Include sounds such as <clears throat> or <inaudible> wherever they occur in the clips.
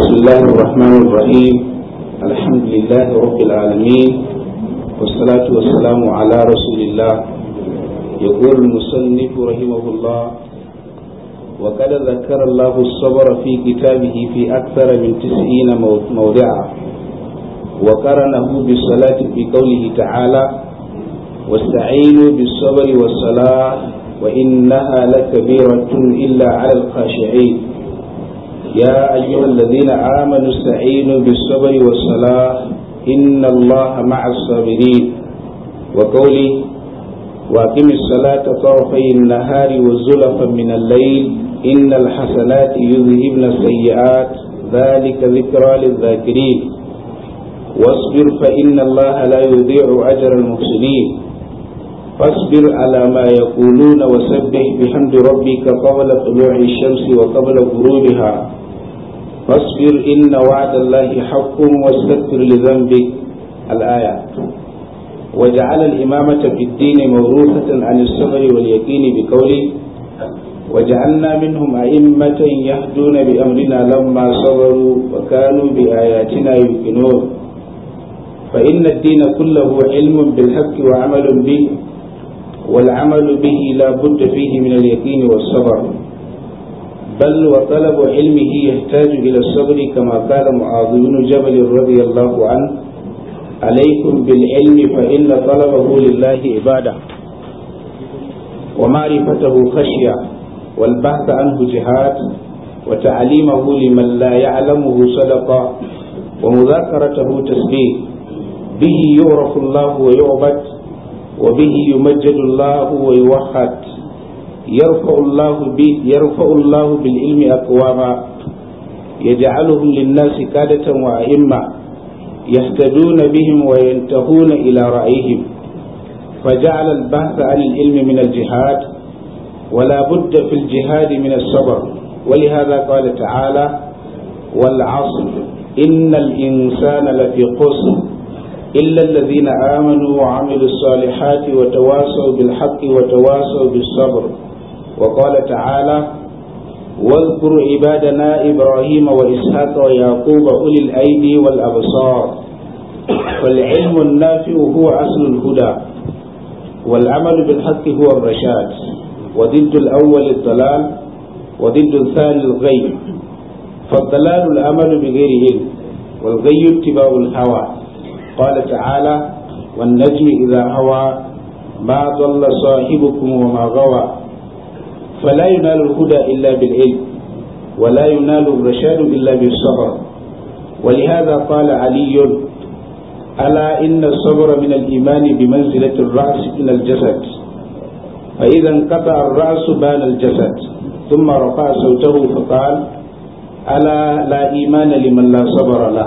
بسم الله الرحمن الرحيم الحمد لله رب العالمين والصلاة والسلام على رسول الله يقول المصنف رحمه الله وقد ذكر الله الصبر في كتابه في أكثر من تسعين موضعا وقرنه بالصلاة بقوله تعالى واستعينوا بالصبر والصلاة وإنها لكبيرة إلا على الخاشعين يا أيها الذين آمنوا استعينوا بالصبر والصلاة إن الله مع الصابرين وقولي وأقم الصلاة طرفي النهار وزلفا من الليل إن الحسنات يذهبن السيئات ذلك ذكرى للذاكرين واصبر فإن الله لا يضيع أجر المحسنين فاصبر على ما يقولون وسبح بحمد ربك قبل طلوع الشمس وقبل غروبها فاصبر إن وعد الله حق واستغفر لذنبك الآية وجعل الإمامة في الدين موروثة عن الصبر واليقين بقوله وجعلنا منهم أئمة يهدون بأمرنا لما صبروا وكانوا بآياتنا يوقنون فإن الدين كله علم بالحق وعمل به والعمل به لا بد فيه من اليقين والصبر بل وطلب علمه يحتاج إلى الصبر كما قال معاذ بن جبل رضي الله عنه عليكم بالعلم فإن طلبه لله عبادة ومعرفته خشية والبحث عنه جهاد وتعليمه لمن لا يعلمه صدقة ومذاكرته تسبيح به يعرف الله ويعبد وبه يمجد الله ويوحد يرفع الله يرفع الله بالعلم أقواما يجعلهم للناس كادة وأئمة يهتدون بهم وينتهون إلى رأيهم فجعل البحث عن العلم من الجهاد ولا بد في الجهاد من الصبر ولهذا قال تعالى والعصر إن الإنسان لفي قسم إلا الذين آمنوا وعملوا الصالحات وتواصوا بالحق وتواصوا بالصبر وقال تعالى واذكر عبادنا إبراهيم وإسحاق ويعقوب أولي الأيدي والأبصار فالعلم النافع هو أصل الهدى والعمل بالحق هو الرشاد وضد الأول الضلال وضد الثاني الغي فالضلال العمل بغير علم والغي اتباع الهوى قال تعالى والنجم إذا هوى ما ضل صاحبكم وما غوى فلا ينال الهدى إلا بالعلم ولا ينال الرشاد إلا بالصبر ولهذا قال علي ألا إن الصبر من الإيمان بمنزلة الرأس من الجسد فإذا انقطع الرأس بان الجسد ثم رفع صوته فقال ألا لا إيمان لمن لا صبر له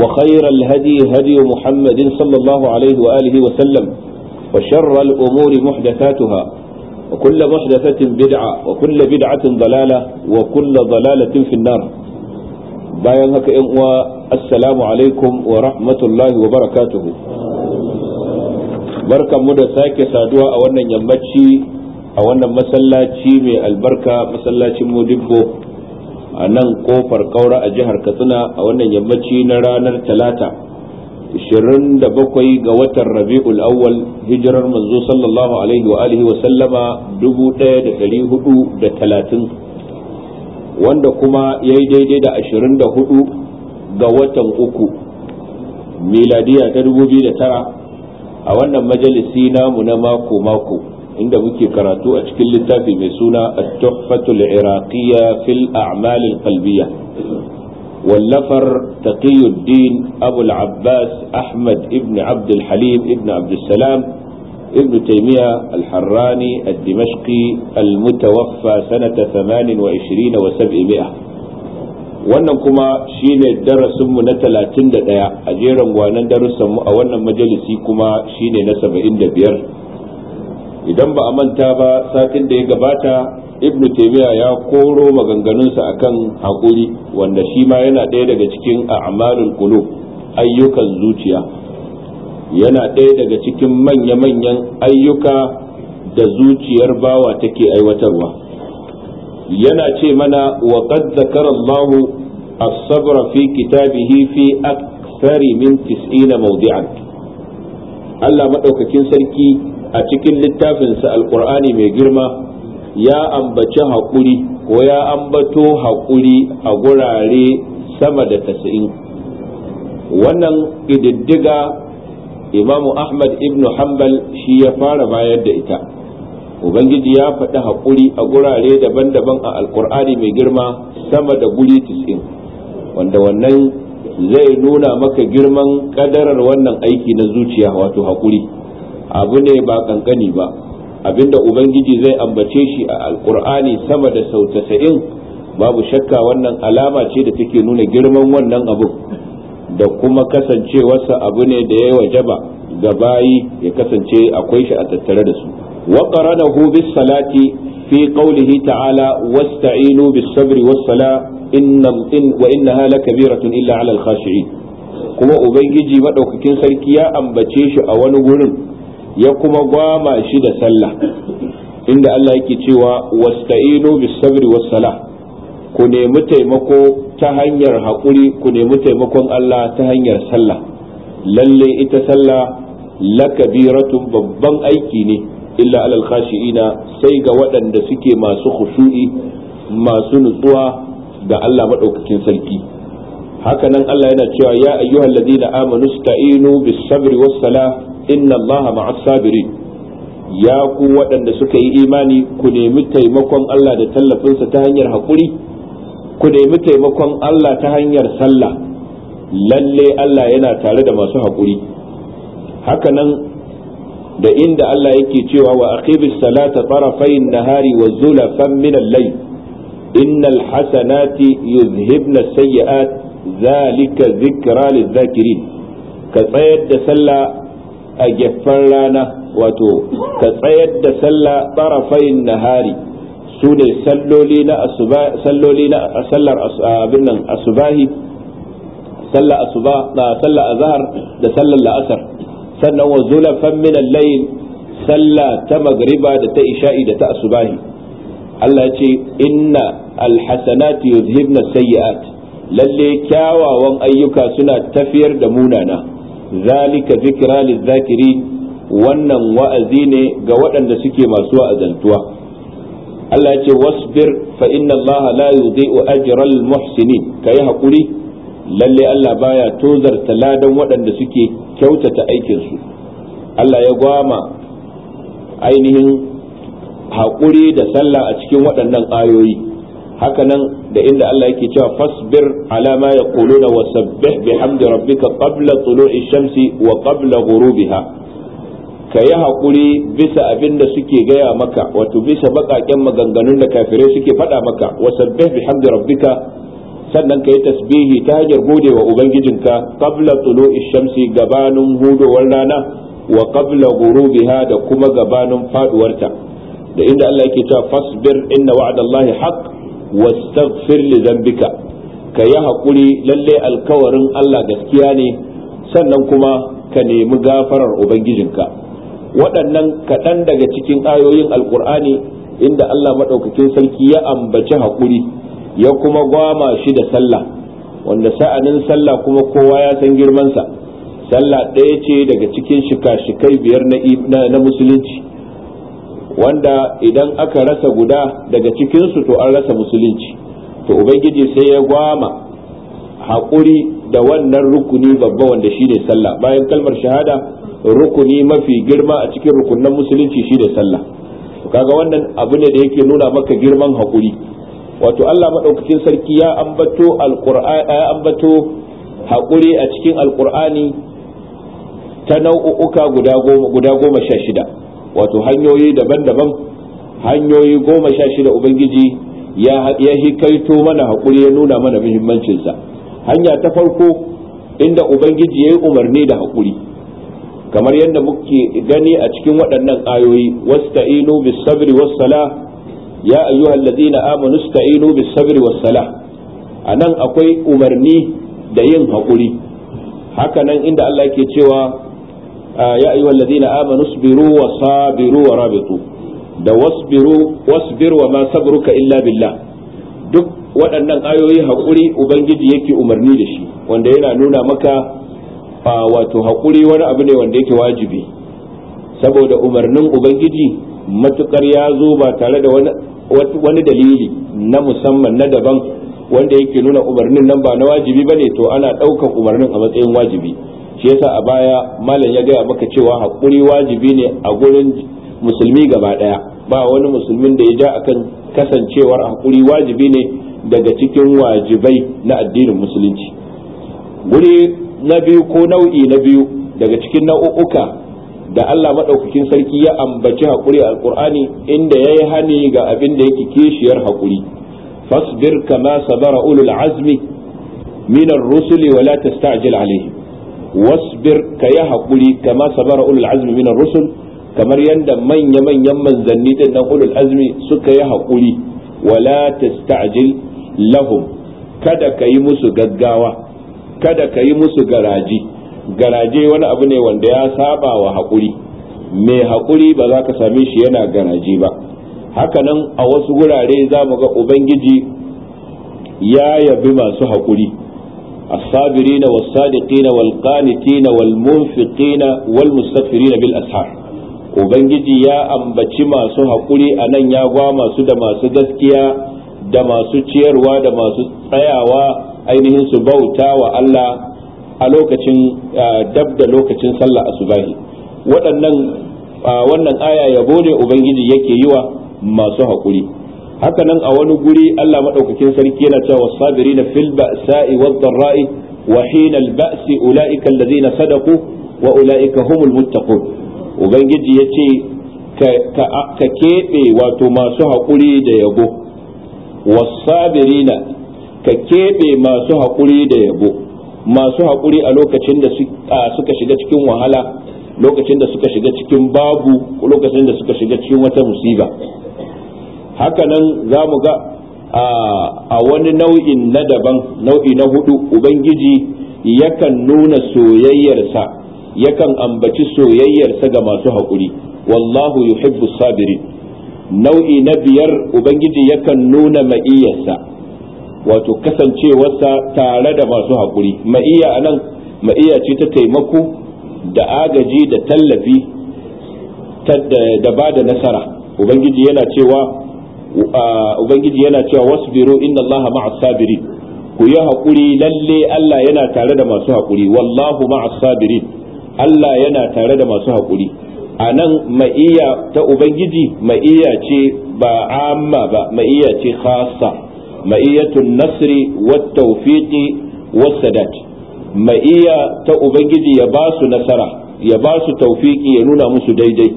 وخير الهدي هدي محمد صلى الله عليه وآله وسلم وشر الأمور محدثاتها وكل محدثة بدعة وكل بدعة ضلالة وكل ضلالة في النار bayan haka ‘yan uwa assalamu alaikum wa rahmatullahi wa barakatuhu barkanmu da sake saduwa a wannan yammaci a wannan masallaci mai albarka masallacin modibbo a nan kofar kaura a jihar katsina a wannan yammaci na ranar talata 27 ga watan rabi'ul awwal hijirar manzo sallallahu alaihi wa alihi wa sallama 1430 wanda kuma ya yi daidai da 24 ga watan uku miladiya ta 2009 a wannan majalisi namu na mako-mako inda muke karatu a cikin littafi mai suna at-tuhfatul iraqiyya fil a'mal al-qalbiyya wallafar taqiyuddin abu al-abbas ahmad ibn abd al-halim ibn abd salam ibn taymiya al-harrani ad-dimashqi al-mutawaffa sanata 28 wannan kuma shine darasinmu na talatin da ɗaya a jeran gwanan mu a wannan majalisi kuma shine na saba'in da biyar idan ba a manta ba satin da ya gabata ibn taymiya ya koro maganganunsa akan hakuri wanda shi ma yana ɗaya daga cikin a'malul qulub ayyukan zuciya yana ɗaya daga cikin manya-manyan ayyuka da zuciyar bawa take aiwatarwa yana ce mana wa qad zakara Allah as-sabra fi kitabihi fi akthari min 90 mawdi'an Allah madaukakin sarki a cikin littafinsa alkur'ani mai girma ya ambaci haƙuri ko ya ambato haƙuri a gurare sama da tasa'in wannan ƙididdiga imamu ahmad ibn hanbal shi ya fara bayar da ita ubangiji ya faɗi haƙuri a gurare daban-daban a alkur'ani mai girma sama da guri tis'in wanda wannan zai nuna maka girman ƙadarar wannan aiki na zuciya wato haƙuri abu ne ba kankani ba abinda ubangiji zai ambace shi a alkur'ani sama da sau tasa'in babu shakka wannan alama ce da take nuna girman wannan abu da kuma kasancewarsa abu ne da ya wajaba ga bayi ya kasance akwai shi a tattare da su wa qaranahu bis salati fi qawlihi ta'ala wasta'inu bis sabri was sala inna wa innaha lakabiratun illa 'ala al kuma ubangiji madaukakin sarki ya ambace shi a wani gurin ya kuma gwama shi da sallah inda Allah yake cewa wasta'inu bis sabri was sala, ku nemi taimako ta hanyar haƙuri ku nemi taimakon Allah ta hanyar sallah lalle ita sallah lakabiratun babban aiki ne illa alal khashi'ina sai ga waɗanda suke masu khushu'i masu nutsuwa ga Allah maɗaukakin sarki Haka nan Allah yana cewa ya ayyuhal ladina amanu sta'inu bis sabri was sala. inna allaha ma'as sabirin ya ku waɗanda suka yi imani ku nemi taimakon Allah da tallafinsa ta hanyar haƙuri ku nemi taimakon Allah ta hanyar sallah lalle Allah yana tare da masu haƙuri hakanan da inda Allah yake cewa wa aqibis salata tarafayn nahari wa zulafan min al-layl innal hasanati yuzhibna as-sayyi'at zalika dhikra lil-dhakirin ka tsayar da sallah a gefen rana wato ka tsayar da sallah tarafayin nahari su ne salloli na sallar abin asubahi sallar asuba sallar da sallar la'asar sannan wa zulafan min layin sallah ta magriba da ta isha'i da ta asubahi Allah ce inna alhasanati yuzhibna sayyi'at lalle kyawawan ayyuka suna tafiyar da munana zalika zikra zakiri wannan wa'azi ne ga waɗanda suke masu azantuwa Allah ya ce wasbir fa inna Allah la yudhi'u ajral muhsinin kai hakuri lalle Allah baya tozarta ladan waɗanda suke kyautata aikin su Allah ya gwama ainihin hakuri da sallah a cikin waɗannan ayoyi hakanan da inda Allah yake cewa fasbir ala ma yaquluna wa sabbih bihamdi rabbika qabla tulu'i shamsi wa qabla ghurubiha kayi haƙuri bisa abin da suke gaya maka wato bisa baƙaƙen maganganun da kafirai suke faɗa maka wa sabbih bihamdi rabbika sannan kayi tasbihi ta hanyar gode wa ubangijinka qabla tulu'i shamsi gabanin hudowar rana wa qabla ghurubiha da kuma gabanin faduwarta da inda Allah yake cewa fasbir inna wa'dallahi haqq wastaghfir li dhanbika ka yi hakuri lalle alkawarin Allah gaskiya ne sannan kuma ka nemi gafarar ubangijinka waɗannan kaɗan daga cikin ayoyin alkur'ani inda Allah maɗaukakin sarki ya ambaci haƙuri ya kuma gwama shi da sallah wanda sa'anin sallah kuma kowa ya san girmansa sallah ɗaya ce daga cikin shika-shikai biyar na musulunci wanda idan aka rasa guda daga cikinsu to an rasa musulunci to ubangiji sai ya gwama haƙuri da wannan rukuni babba wanda shine sallah bayan kalmar shahada rukuni mafi girma a cikin rukunan musulunci shine sallah kaga wannan abu ne da yake nuna maka girman haƙuri wato Allah maɗaukacin sarki ya ambato ya ambato haƙuri a cikin alƙur'ani ta nau'uka guda goma sha shida wato hanyoyi daban-daban hanyoyi goma sha shida ubangiji ya hikaito mana haƙuri ya nuna mana muhimmancinsa hanya ta farko inda ubangiji ya yi umarni da haƙuri kamar yadda muke gani a cikin waɗannan ayoyi wasta'inu bis sabri was sala ya ayyuhal ladina amanu sta'inu bis sabri was sala anan akwai umarni da yin haƙuri haka nan inda Allah ke cewa يا ayyuha الذين amanu اصبروا wa sabiru wa da wasbiru wasbir wa ma sabruka illa billah duk waɗannan ayoyi haƙuri ubangiji yake umarni da shi wanda yana nuna maka wato haƙuri wani abu ne wanda yake wajibi saboda umarnin ubangiji matukar ya zo ba tare da wani dalili na musamman na daban wanda yake nuna umarnin nan ba na wajibi ba ne to ana ɗaukar umarnin a matsayin wajibi shi yasa a baya malam ya gaya maka cewa haƙuri wajibi ne a gurin musulmi gaba ɗaya ba wani musulmin da ya ja akan kasancewar haƙuri wajibi ne daga cikin wajibai na addinin musulunci guri na biyu ko nau'i na biyu daga cikin nau'uka da Allah maɗaukakin sarki ya ambaci haƙuri a alƙur'ani inda ya yi hani ga abin da yake kishiyar haƙuri fasbir kama sabara ulul azmi minar rusuli wala tasta'jil alaihim wasbir ka yi haƙuri kama sabara ulul azmi min rusul kamar yadda manya manyan manzanni din nan ulul azmi suka yi haƙuri wala tasta'jil lahum kada ka yi musu gaggawa kada ka yi musu garaji garaje wani abu ne wanda ya saba wa haƙuri mai haƙuri ba za ka same shi yana garaje ba hakanan a wasu wurare za mu ga ubangiji ya yabi masu haƙuri Sabirina الصابرين والصادقين والقانتين والمنفقين bil بالأسحار ubangiji ya ambaci masu haƙuri a nan ya gwa masu da masu gaskiya da masu ciyarwa da masu tsayawa ainihin su bauta wa Allah a lokacin dab da lokacin sallah asubahi waɗannan wannan aya yabo ne ubangiji yake yiwa masu haƙuri haka nan a wani guri Allah Maɗaukakin sarki yana cewa wasabirina fil ba'sa'i wadh-dharra'i wa hina al-ba'si ulaika allazina sadaqu wa ulaika humul muttaqun ubangiji yace ka keɓe wato masu haƙuri da yabo wasabirina ka keɓe masu haƙuri da yabo masu haƙuri a lokacin da suka shiga cikin wahala lokacin da suka shiga cikin babu lokacin da suka shiga cikin wata musiba hakanan za mu ga a wani nau'in na daban nau'i na hudu ubangiji yakan nuna soyayyarsa yakan ambaci soyayyarsa ga masu haƙuri wallahu yuhibbu sabirin nau'i na biyar ubangiji yakan nuna ma'iyyarsa wato kasancewarsa tare da masu haƙuri ma'iya a nan ma'iya ce ta taimako da agaji da tallafi da ba da nasara ubangiji yana cewa Uh, ubangiji yana cewa wasbiru inna allaha ma'as sabirin ku yi haƙuri lalle Allah yana tare da masu haƙuri wallahu ma'as sabirin Allah yana tare da masu haƙuri a nan ma'iya ta ubangiji ma'iyya ce ba amma ba ma'iyya ce khassa ma'iyatun nasri wat tawfiqi was sadat ma'iya ta ubangiji ya ba su nasara ya ba su tawfiqi ya nuna musu daidai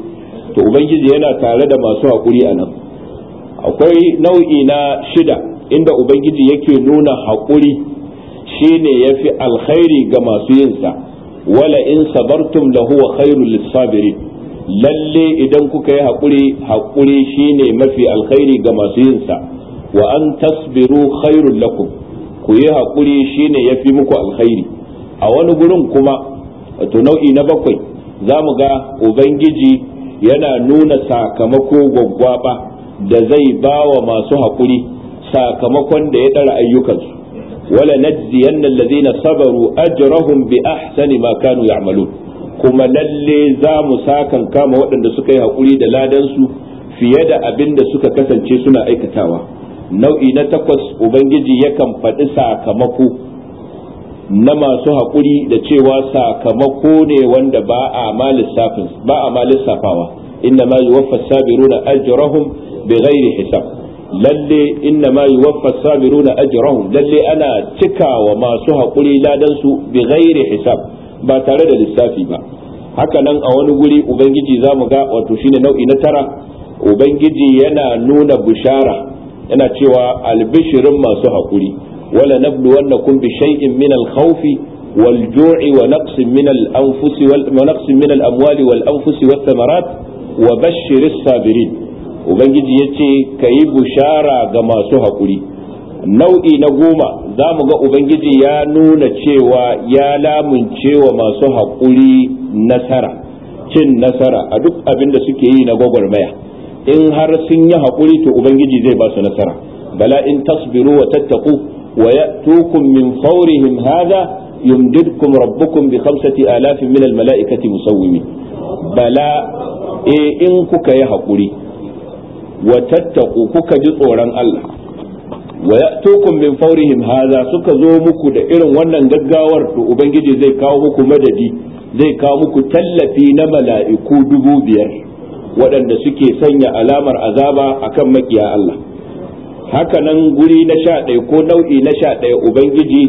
to ubangiji yana tare da masu haƙuri a nan akwai nau'i na shida inda ubangiji yake nuna haƙuri shine yafi alkhairi ga masu yinsa wala in sabartum la huwa khairul lalle idan kuka yi haƙuri haƙuri shine mafi alkhairi ga masu yinsa wa an tasbiru khairul lakum ku yi haƙuri shine yafi muku alkhairi a wani gurin kuma wato nau'i na bakwai za mu ga ubangiji yana nuna sakamako gwaggwaba da zai ba wa masu haƙuri sakamakon da ya ɗara ayyukansu wala najziyanna allazina sabaru ajrahum bi ahsani ma kanu ya'malun kuma lalle za mu sakan kama waɗanda suka yi haƙuri da ladansu fiye da abinda suka kasance suna aikatawa nau'i na takwas ubangiji yakan faɗi sakamako na masu haƙuri da cewa sakamako ne wanda ba a a lissafawa inna ma yuwaffa sabiruna ajrahum bighairi hisab lalle inna ma yuwaffa sabiruna ajrahum lalle ana cikawa masu haƙuri ladan su bighairi hisab ba tare da lissafi ba haka nan a wani guri ubangiji zamu ga wato shine nau'i na tara ubangiji yana nuna bushara yana cewa albishirin masu hakuri wala nablu wannakum bi shay'in min al-khawfi والجوع ونقص من الأنفس ونقص من الأموال والأنفس والثمرات وبشر sabirin. ubangiji ya ce ka yi bushara ga masu haƙuri nau'i na goma za mu ga ubangiji ya nuna cewa ya lamunce wa masu haƙuri nasara cin nasara a duk abin da suke yi na gwagwarmaya in har sun yi haƙuri to ubangiji zai ba su nasara bala in tasbiru wa tattaku wa ya'tukum min fawrihim hadha yumdidkum rabbukum bi khamsati alafin min al mala'ikati musawwimin bala e in kuka yi haƙuri wa tattaqu kuka ji tsoron Allah wa ya'tukum min fawrihim hadha suka zo muku da irin wannan gaggawar to ubangiji zai kawo muku madadi zai kawo muku tallafi na mala'iku dubu biyar waɗanda suke sanya alamar azaba akan makiya Allah hakanan guri na sha ɗaya ko nau'i na sha ɗaya ubangiji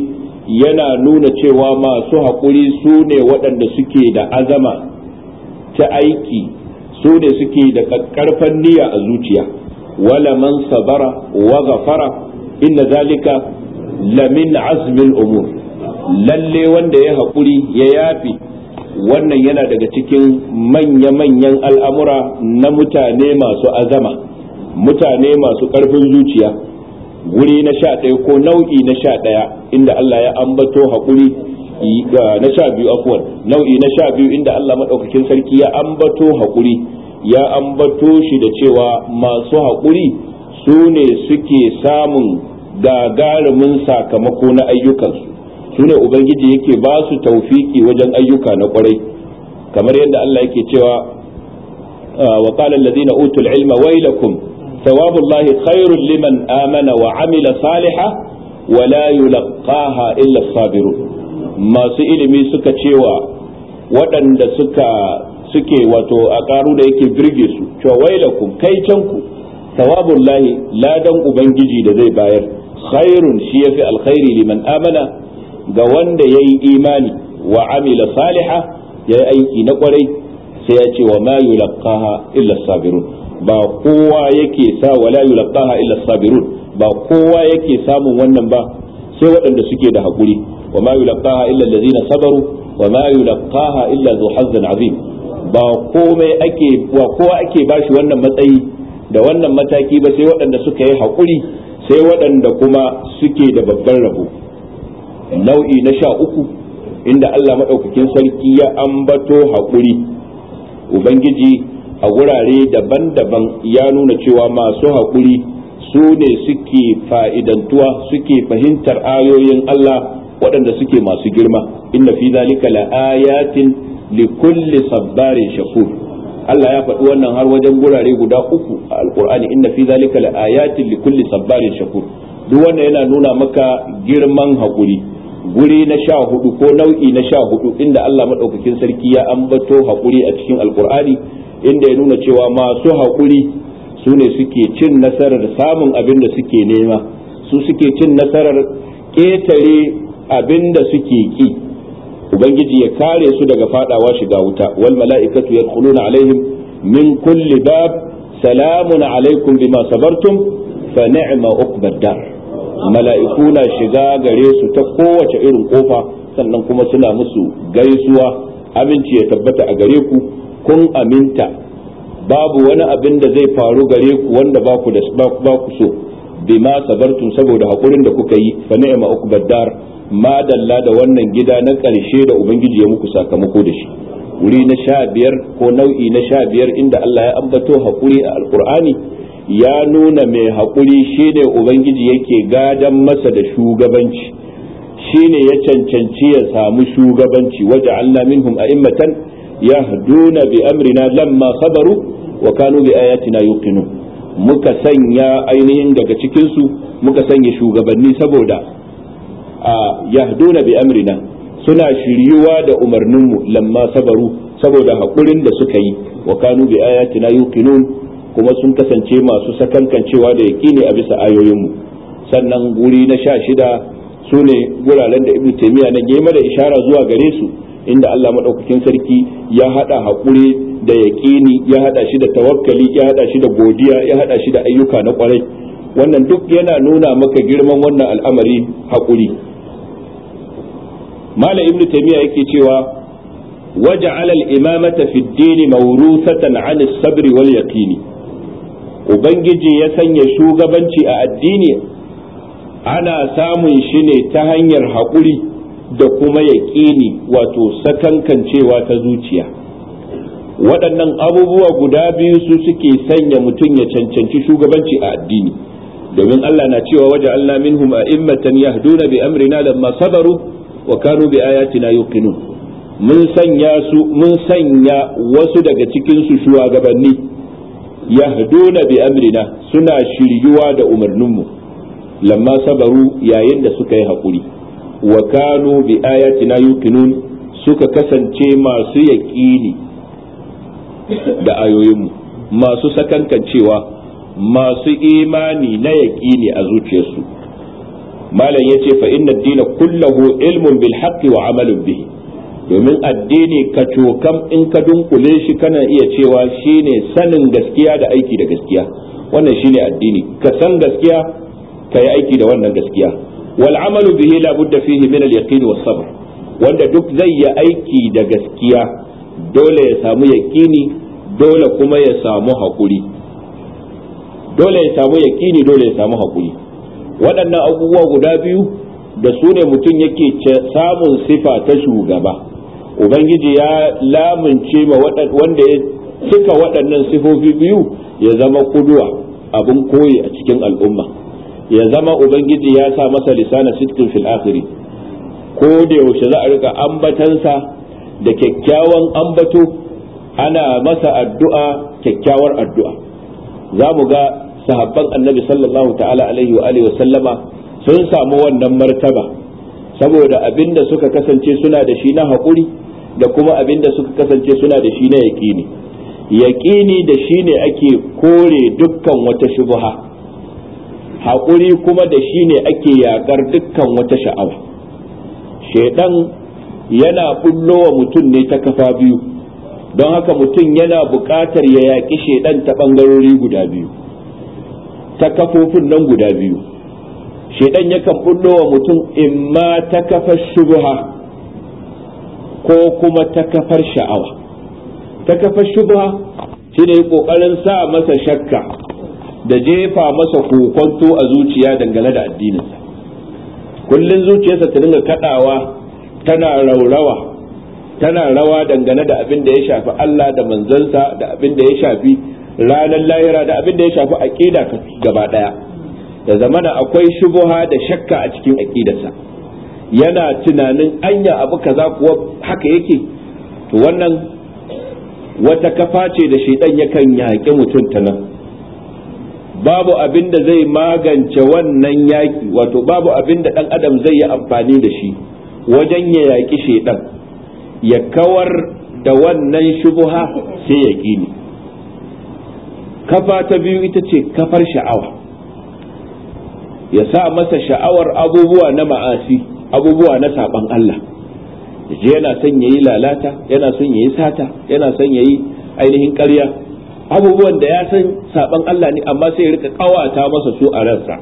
yana nuna cewa masu haƙuri su ne waɗanda suke da azama ta aiki su ne suke da karfan niyya a zuciya wala man sabara wa ghafara inna zalika lamin azmil umur lalle wanda ya haƙuri ya yafi wannan yana daga cikin manya-manyan al'amura na mutane masu azama mutane masu ƙarfin zuciya wuri na sha ɗaya ko nau'i na sha ɗaya inda Allah ya ambato haƙuri na sha biyu afwan nau'i na sha biyu inda Allah maɗaukakin sarki ya ambato haƙuri ya ambato shi da cewa masu haƙuri su ne suke samun gagarumin sakamako na ayyukansu su ne ubangiji yake ba su taufiki wajen ayyuka na kwarai kamar yadda Allah yake cewa ah, wa qala allazina utul ilma waylakum thawabullahi khairul liman amana wa amila salihan ولا illa إلا الصابرون masu ilimi suka cewa waɗanda suka suke wato a ƙaru da yake birge su cewa ku kai ku ku. lahi ladan ubangiji da zai bayar khairun shi ya fi alkhairi liman amana ga wanda ya yi imani wa amila saliha yi aiki na kwarai sai ya ce wa ma yulqaha illa sabirun ba kowa yake sa wala yulqaha illa sabirun ba kowa yake samun wannan ba sai waɗanda suke da haƙuri wa ma yulaqaha illa allazina sabaru wa ma yulaqaha illa zu hazzin azim ba komai ake wa kowa ake bashi wannan matsayi da wannan mataki ba sai waɗanda suka yi haƙuri sai waɗanda kuma suke da babban rabo nau'i na sha uku inda Allah maɗaukakin sarki ya ambato haƙuri ubangiji a wurare daban-daban ya nuna cewa masu haƙuri su ne suke fa'idantuwa suke fahimtar ayoyin Allah waɗanda suke masu girma inna fi zalika la'ayatin ayatin sabbarin shakur Allah ya faɗi wannan har wajen gurare guda uku a alkur'ani inna fi zalika la ayatin sabbarin shakur duk wannan yana nuna maka girman haƙuri. guri na sha hudu ko nau'i na sha hudu inda Allah maɗaukakin sarki ya ambato hakuri a cikin alkur'ani inda ya nuna cewa masu hakuri su ne suke cin nasarar samun abin da suke nema su suke cin nasarar ƙetare abin da suke ki ubangiji ya kare su daga fadawa shiga wuta wal mala'ikatu yadkhuluna alaihim min kulli bab salamun alaikum bima sabartum fa ni'ma uqbad dar mala'iku na shiga gare su ta kowace irin kofa sannan kuma suna musu gaisuwa abinci ya tabbata a gare ku kun aminta babu wani abin da zai faru gare ku wanda ba ku da ba ku so bima saboda hakurin da kuka yi fa ni'ma ukbaddar ma dalla da wannan gida na karshe da ubangiji ya muku sakamako da shi wuri na sha biyar ko nau'i na sha biyar inda Allah ya ambato hakuri a alkur'ani ya nuna mai hakuri shine ubangiji yake gadan masa da shugabanci shine ya cancanci ya samu shugabanci waje Allah minhum a'immatan yahduna bi amrina lamma sabaru wa kanu bi ayatina yuqinu muka sanya ainihin daga cikin su muka sanya shugabanni saboda a yahduna bi amrina suna shiryuwa da umarninmu lamma sabaru saboda hakurin da suka yi wa kanu bi ayatina yuqinu kuma sun kasance masu sakankancewa da yaqini a bisa ayoyinmu sannan guri na sha shida su ne guraren da ibnu taymiya na gema da ishara zuwa gare su inda Allah madaukakin sarki ya hada hakuri da yaƙini ya hada shi da tawakkali ya haɗa shi da godiya ya hada shi da ayyuka na kwarai wannan duk yana nuna maka girman wannan al'amari haƙuri malam ibnu taymiya yake cewa waja'ala al-imamata fi ad-din mawruthatan 'an as-sabr wal yaqini ubangiji ya sanya shugabanci a addini ana samun shi ne ta hanyar haƙuri da kuma yaƙini wato sakankancewa ta zuciya waɗannan abubuwa guda biyu su suke sanya mutum ya cancanci shugabanci a addini domin Allah na cewa waje Allah minhum a'immatan yahduna bi amrina lamma sabaru wa kanu bi ayatina yuqinun mun sanya su mun sanya wasu daga cikin su shugabanni yahduna bi amrina suna shiryuwa da umarninmu lamma sabaru yayin da suka yi hakuri wa kanu bi ayatina yuqinun suka kasance masu yaƙini da ayoyinmu masu sakankancewa masu imani na yaƙini a zuciyarsu malam ya ce na dina kullahu ilmun bil haqqi wa amalin bihi domin addini ka cokam in ka dunkule shi kana iya cewa ne sanin gaskiya da aiki da gaskiya wannan ne addini ka san gaskiya ka yi aiki da wannan gaskiya wal bihi la fihi min al yaqin was sabr wanda duk zai yi aiki da gaskiya dole ya samu yaƙini dole kuma ya samu haƙuri dole ya samu yaƙini dole ya samu haƙuri waɗannan abubuwa guda biyu da su ne mutum yake samun sifa ta shugaba ubangiji ya lamunce ma wanda ya cika waɗannan sifofi biyu ya zama kuduwa abin koyi a cikin al'umma ya zama ubangiji ya sa masa lisana sittin fil akhiri ko da yaushe za a rika ambatansa da kyakkyawan ambato ana masa addu'a kyakkyawar addu'a za mu ga sahabban annabi sallallahu ta'ala alaihi wa alihi sallama sun samu wannan martaba saboda abinda suka kasance suna da shi na haƙuri da kuma abinda suka kasance suna da shi na yaƙini yaƙini da shi ne ake kore dukkan wata shubuha haƙuri kuma da shi ne ake yaƙar dukkan wata sha'awa shaiɗan yana bullowa wa mutum ne ta kafa biyu don haka mutum yana buƙatar ya yaƙi shaidan ta ɓangarori guda biyu ta kafofin nan guda biyu shaidan yakan ɓullo wa mutum ma ta kafar shubha ko kuma ta kafar sha'awa ta kafar shubha shi ne ƙoƙarin sa masa shakka da jefa masa kokonto a zuciya dangane da addininsa kullum zuciyarsa ta dinga kaɗawa tana raurawa tana rawa dangane da abin da ya shafi Allah da manzansa da abin da ya shafi ranar lahira da abin da ya shafi aqida gaba daya da zamana akwai shubuha da shakka a cikin aqidarsa yana tunanin anya abu kaza kuwa haka yake to wannan wata kafa ce da shaidan yakan yaƙi mutum ta nan babu abin da zai magance wannan yaƙi wato babu abin da ɗan adam zai yi amfani da shi wajen ya yaƙi shaidan ya kawar da wannan shubuha sai ya ƙini kafa ta biyu ita ce kafar sha'awa ya sa masa sha'awar abubuwa na ma'asi abubuwa na saban Allah je yana son ya yi lalata yana son ya yi sata yana son ya yi ainihin ƙarya abubuwan da ya san saban Allah ne amma sai ya rika kawata masa su a ransa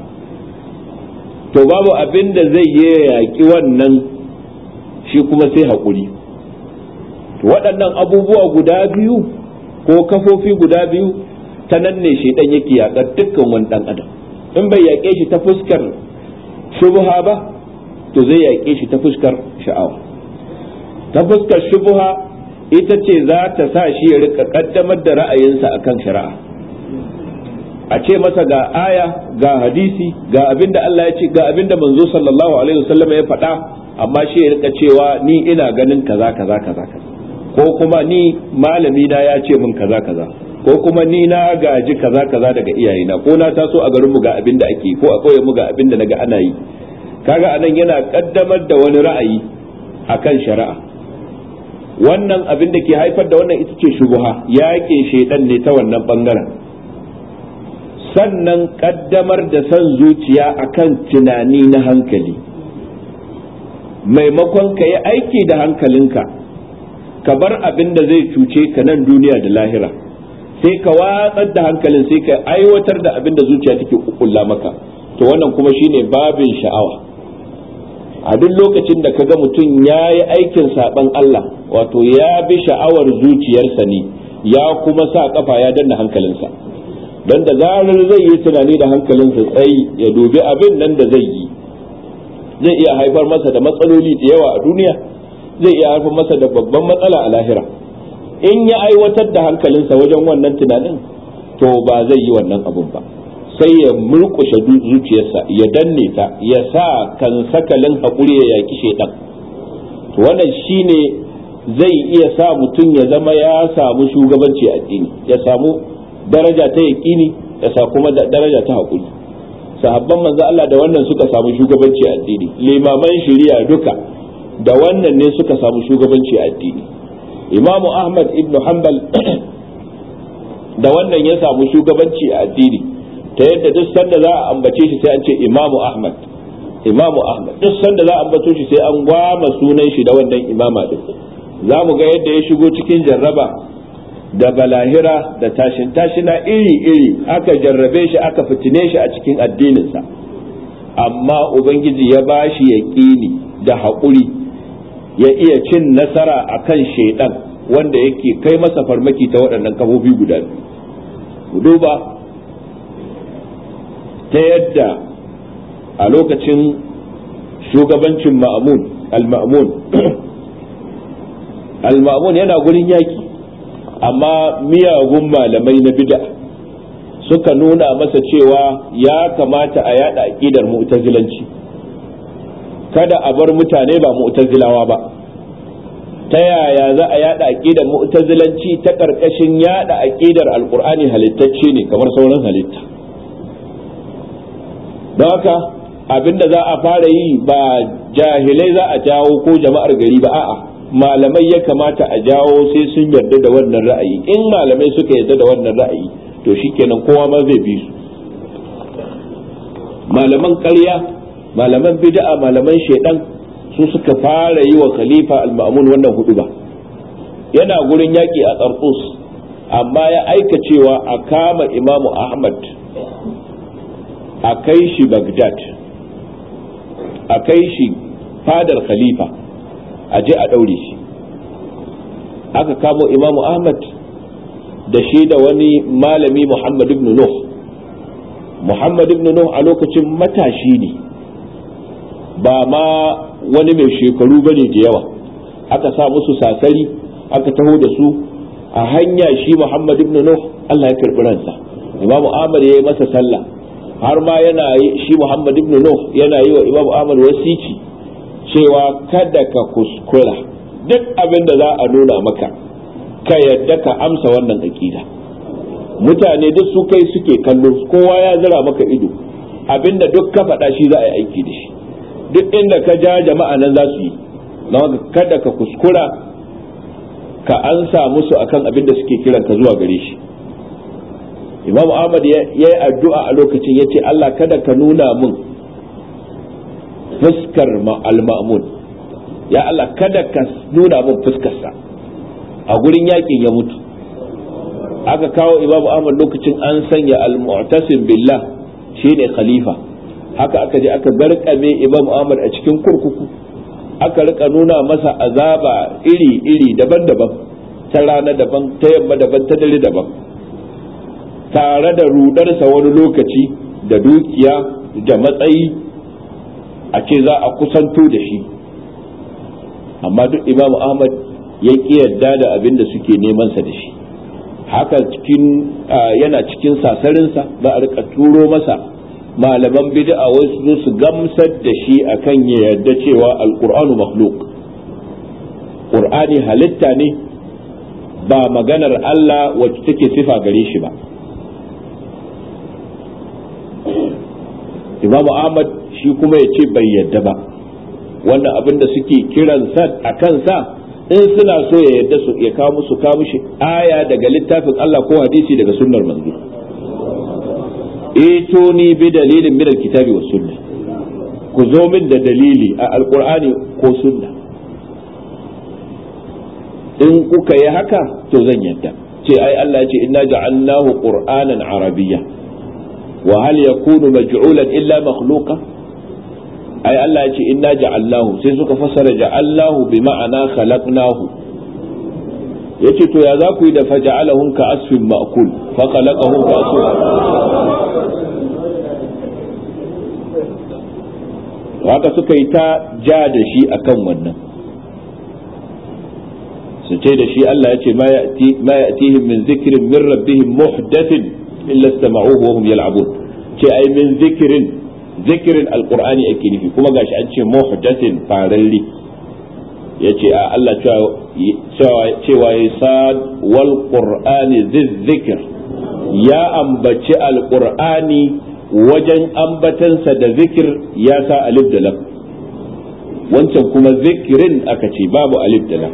to babu abin da zai yi yaƙi wannan shi kuma sai haƙuri waɗannan abubuwa guda biyu ko kafofi guda biyu ta nan ne shi ɗan yake yaƙar dukkan wani ɗan adam in bai yaƙe shi ta fuskar shubuha ba to zai yaƙe shi ta fuskar sha'awa ta fuskar shubuha ita ce za ta sa shi ya rika kaddamar da ra'ayinsa a kan shari'a a ce masa ga aya ga hadisi ga abin da Allah ya ce ga abin da manzo sallallahu alaihi wasallam ya faɗa amma shi ya rika cewa ni ina ganin kaza kaza kaza kaza ko kuma ni malami na ya ce min kaza kaza ko kuma ni na gaji kaza kaza daga iyayena ko na taso a garin mu ga abin da ake ko a koyar mu ga abin da naga ana yi kaga anan yana kaddamar da wani ra'ayi akan shari'a wannan abin da ke haifar da wannan ita ce shubuha yake shaidan ne ta wannan bangaren sannan kaddamar da san zuciya akan tunani na hankali maimakon ka yi aiki da hankalinka ka bar abin da zai cuce ka nan duniya da lahira sai ka watsar da hankalin sai ka aiwatar da abin da zuciya take kukulla maka to wannan kuma shine babin sha'awa a duk lokacin da kaga mutum ya yi aikin saban Allah wato ya bi sha'awar zuciyarsa ne ya kuma sa kafa ya danna hankalinsa don da zarar zai yi tunani da hankalinsa tsayi ya dubi abin nan da zai yi zai iya haifar masa da matsaloli da yawa a duniya zai iya haifar masa da babban matsala a lahira in ya aiwatar da hankalinsa wajen wannan tunanin to ba zai yi wannan abun ba sai ya murƙushe zuciyarsa ya danne ta ya sa kan sakalin haƙuri ya yaƙi shaidan wannan shine zai iya sa mutum ya zama ya samu shugabanci a addini ya samu daraja ta yaƙini ya sa kuma daraja ta haƙuri sahabban manzo Allah da wannan suka samu shugabanci a addini limaman shari'a duka da wannan ne suka samu shugabanci a addini imamu ahmad ibn hanbal <clears throat> da wannan ya samu shugabanci a addini ta yadda duk sanda za a ambace shi sai an ce imamu ahmad imamu ahmad duk sanda za a ambato shi sai an gwama sunan shi da wannan imama din za mu ga yadda ya shigo cikin jarraba da balahira da tashin tashina iri iri aka jarrabe shi aka fitine shi a cikin addininsa amma ubangiji ya bashi yaƙini da haƙuri ya iya cin nasara a kan shaidan wanda yake kai masa farmaki ta waɗannan kafofi guda biyu duba ta yadda a lokacin shugabancin ma'amun al-ma'amun <clears throat> al-ma'amun yana gurin yaki amma miyagun malamai na bid'a suka nuna masa cewa ya kamata a yada aqidar mu'tazilanci kada a bar mutane ba mu'tazilawa ba ta yaya za a yada aqidar mu'tazilanci ta karkashin yada aqidar alqur'ani halittacce ne kamar sauran halitta don haka abinda za a fara yi ba jahilai za a jawo ko jama'ar gari ba a'a malamai ya kamata a jawo sai sun yarda da wannan ra'ayi in malamai suka yarda da wannan ra'ayi to shikenan kowa ma zai bi su malaman ƙarya malaman bid'a malaman shaidan su suka fara yi wa khalifa al-ma'mun wannan hudu ba yana gurin yaki a tsarkus amma ya aika cewa a kama imamu ahmad a kai shi bagdad a kai shi fadar khalifa a je a daure shi aka kamo imamu ahmad da shi da wani malami muhammad ibn nuh muhammad ibn nuh a lokacin matashi ne ba ma wani mai shekaru bane da yawa aka sa musu sasari aka taho da su a hanya shi Muhammad ibn Nuh Allah ya karbi ransa Imam amr ya yi masa sallah har ma yana shi Muhammad ibn Nuh yana yi wa Imam amr wasici cewa kada ka kuskura duk abin da za a nuna maka ka yadda ka amsa wannan aqida mutane duk su kai suke kallo kowa ya zira maka ido abinda duk ka faɗa shi za a yi aiki da shi duk inda ka ja jama'a nan za su yi don kada ka kuskura ka ansa musu akan abin da suke kiran ka zuwa gare shi imamu ahmad ya yi addu'a a lokacin ya ce allah kada ka nuna mun fuskar al-ma'mun ya allah kada ka nuna mun fuskarsa a gurin yakin ya mutu aka kawo Imam ahmad lokacin an sanya al-mu'tasim billah shine khalifa haka aka je aka garkame imam ahmad a cikin kurkuku aka rika nuna masa azaba iri-iri daban-daban ta rana daban ta yamma daban ta dare daban tare da rudarsa wani lokaci da dukiya da matsayi a ce za a kusanto da shi amma duk imam ahmad ya ƙi yadda da abin da suke nemansa da shi haka cikin yana cikin sasarinsa za a rika turo masa malaman bid'a wasu su gamsar da shi akan ya yarda cewa alqur'anu makhluq qur'ani halitta ne ba maganar Allah wacce take sifa gare shi ba Imam Ahmad shi kuma ya ce bai yarda ba wannan abin da suke kiran kiransa a sa in suna so ya yarda su ya kawo musu kawo shi? aya daga littafin Allah ko hadisi daga sunnar manzo ito ni bi dalilin min alkitabi was sunna ku zo min da dalili a alqur'ani ko sunna in kuka yi haka to zan yadda ce ai Allah ce inna ja'alnahu qur'anan arabiyya wa hal yakunu maj'ulan illa makhluqa ai Allah ce inna ja'alnahu sai suka fassara ja'alnahu bi ma'ana khalaqnahu yace to ya za ku yi da faja'alahum ka asfin ma'kul fa khalaqahum ka asfin haka suka yi ta ja da shi akan wannan su ce da shi Allah ya ce ma ya'tihim min zikrin min rabbihim muhdathin illa istama'uhu wa hum yal'abun ce ai min zikrin zikirin alqur'ani ake nufi kuma gashi an ce muhdathin faralli ya ce a Allah cewa ya sa wal qur'ani zikir ya ambaci alƙur'ani wajen ambatansa da zikir ya sa alif da lam wancan kuma zikirin aka ce babu alif da lam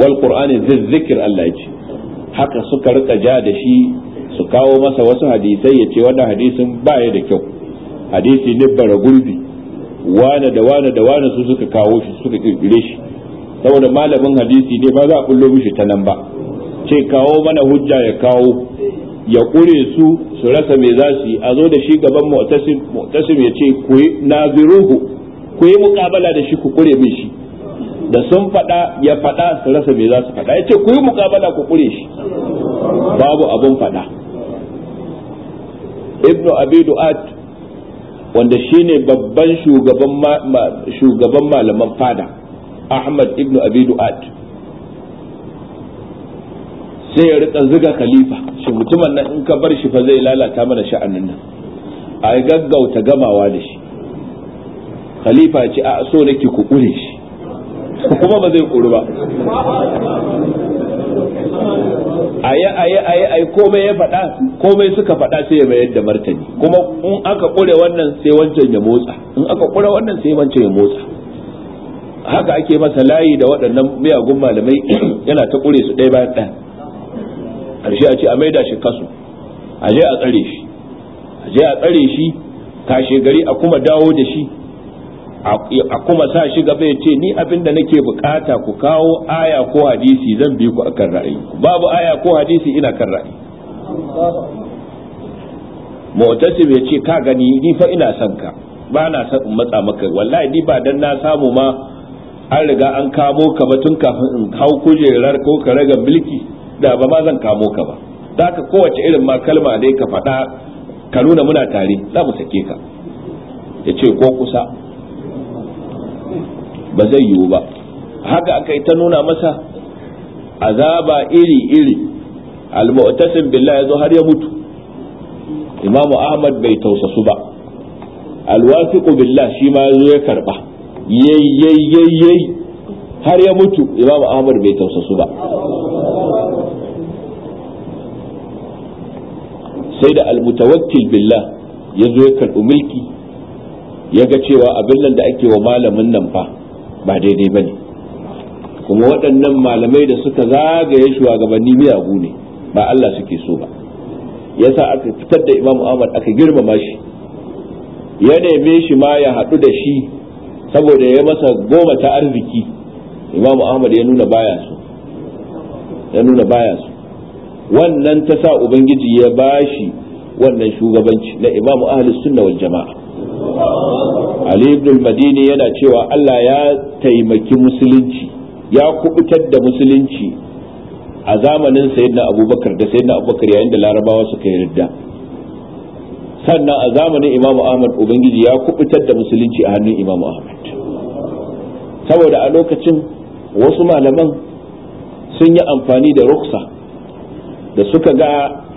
wal qur'ani zikir Allah ya ce haka suka rika ja da shi su kawo masa wasu hadisai ya ce wannan hadisin baya da kyau hadisi ne bara gurbi wane da wane da wane su suka kawo shi suka kirkire shi saboda malamin hadisi ne ba za a kullo mishi ta nan ba ce kawo mana hujja ya kawo ya kure su su rasa me za su yi a zo da shi gaban mu'tasim ya ce ku yi naziruhu ku yi mukabala da shi ku kure min shi da sun faɗa ya faɗa su rasa me za su faɗa ya ce ku yi mukabala ku kure shi babu abun faɗa ibnu abidu du'at wanda shine babban shugaban malaman fada Ahmad ibn Abi sai ya rika ziga khalifa shi mutumin nan in ka bar shi fa zai lalata mana sha'anin nan a gaggauta gamawa da shi khalifa ce a so nake ku kure shi <laughs> kuma ba zai kuru ba aye ayi ayi komai ya faɗa komai suka faɗa sai ya mayar da martani kuma in aka kure wannan sai wancan ya motsa in aka kure wannan sai wancan ya motsa haka ake masa layi da waɗannan miyagun malamai <clears throat> yana ta kure su ɗaya bayan ɗaya karshe a ce a maida shi kaso a a tsare shi a je a tsare shi kashe gari a kuma dawo da shi a kuma sa shi gaba ya ce ni abin da nake bukata ku kawo aya ko hadisi zan bi ku akan ra'ayi babu aya ko hadisi ina kan ra'ayi mutasi ya ce ka gani ni fa ina son ka ba na son in matsa maka wallahi ni ba dan na samu ma an riga an kamo ka ba tun kafin in hau kujerar ko ka raga mulki da ba ma zan kamo ka ba zaka kowace irin ma kalma dai ka faɗa ka nuna muna tare za mu sake ka ya ce ko kusa ba zai yiwu ba haka aka yi ta nuna masa azaba iri-iri al billah ya yazo har ya mutu imamu ahmad bai tausasu ba alwasiqu billah shi ma ya zo ya karba yayyayyayyayi har ya mutu imamu ahmad bai tausasu ba sai da al-mutawakkil ya zo ya karbi mulki ya ga cewa abin nan da ake wa malamin nan fa ba daidai ba ne kuma waɗannan malamai da suka zagaye shugabanni miyagu ne ba Allah suke so ba Ya sa aka fitar da Imam Ahmad aka girmama shi ya neme shi ma ya haɗu da shi saboda ya masa goma ta arziki Imam Ahmad ya nuna baya su ya nuna baya su wannan ta sa ubangiji ya bashi wannan shugabanci na imamu ahli sunna wal jama'a ali ibn al-madini yana cewa Allah ya taimaki musulunci ya kubutar da musulunci a zamanin sayyidina abubakar da sayyidina abubakar yayin da larabawa suka yarda sannan a zamanin Imam ahmad ubangiji ya kubutar da musulunci a hannun Imam ahmad saboda a lokacin wasu malaman sun yi amfani da ruksa da suka ga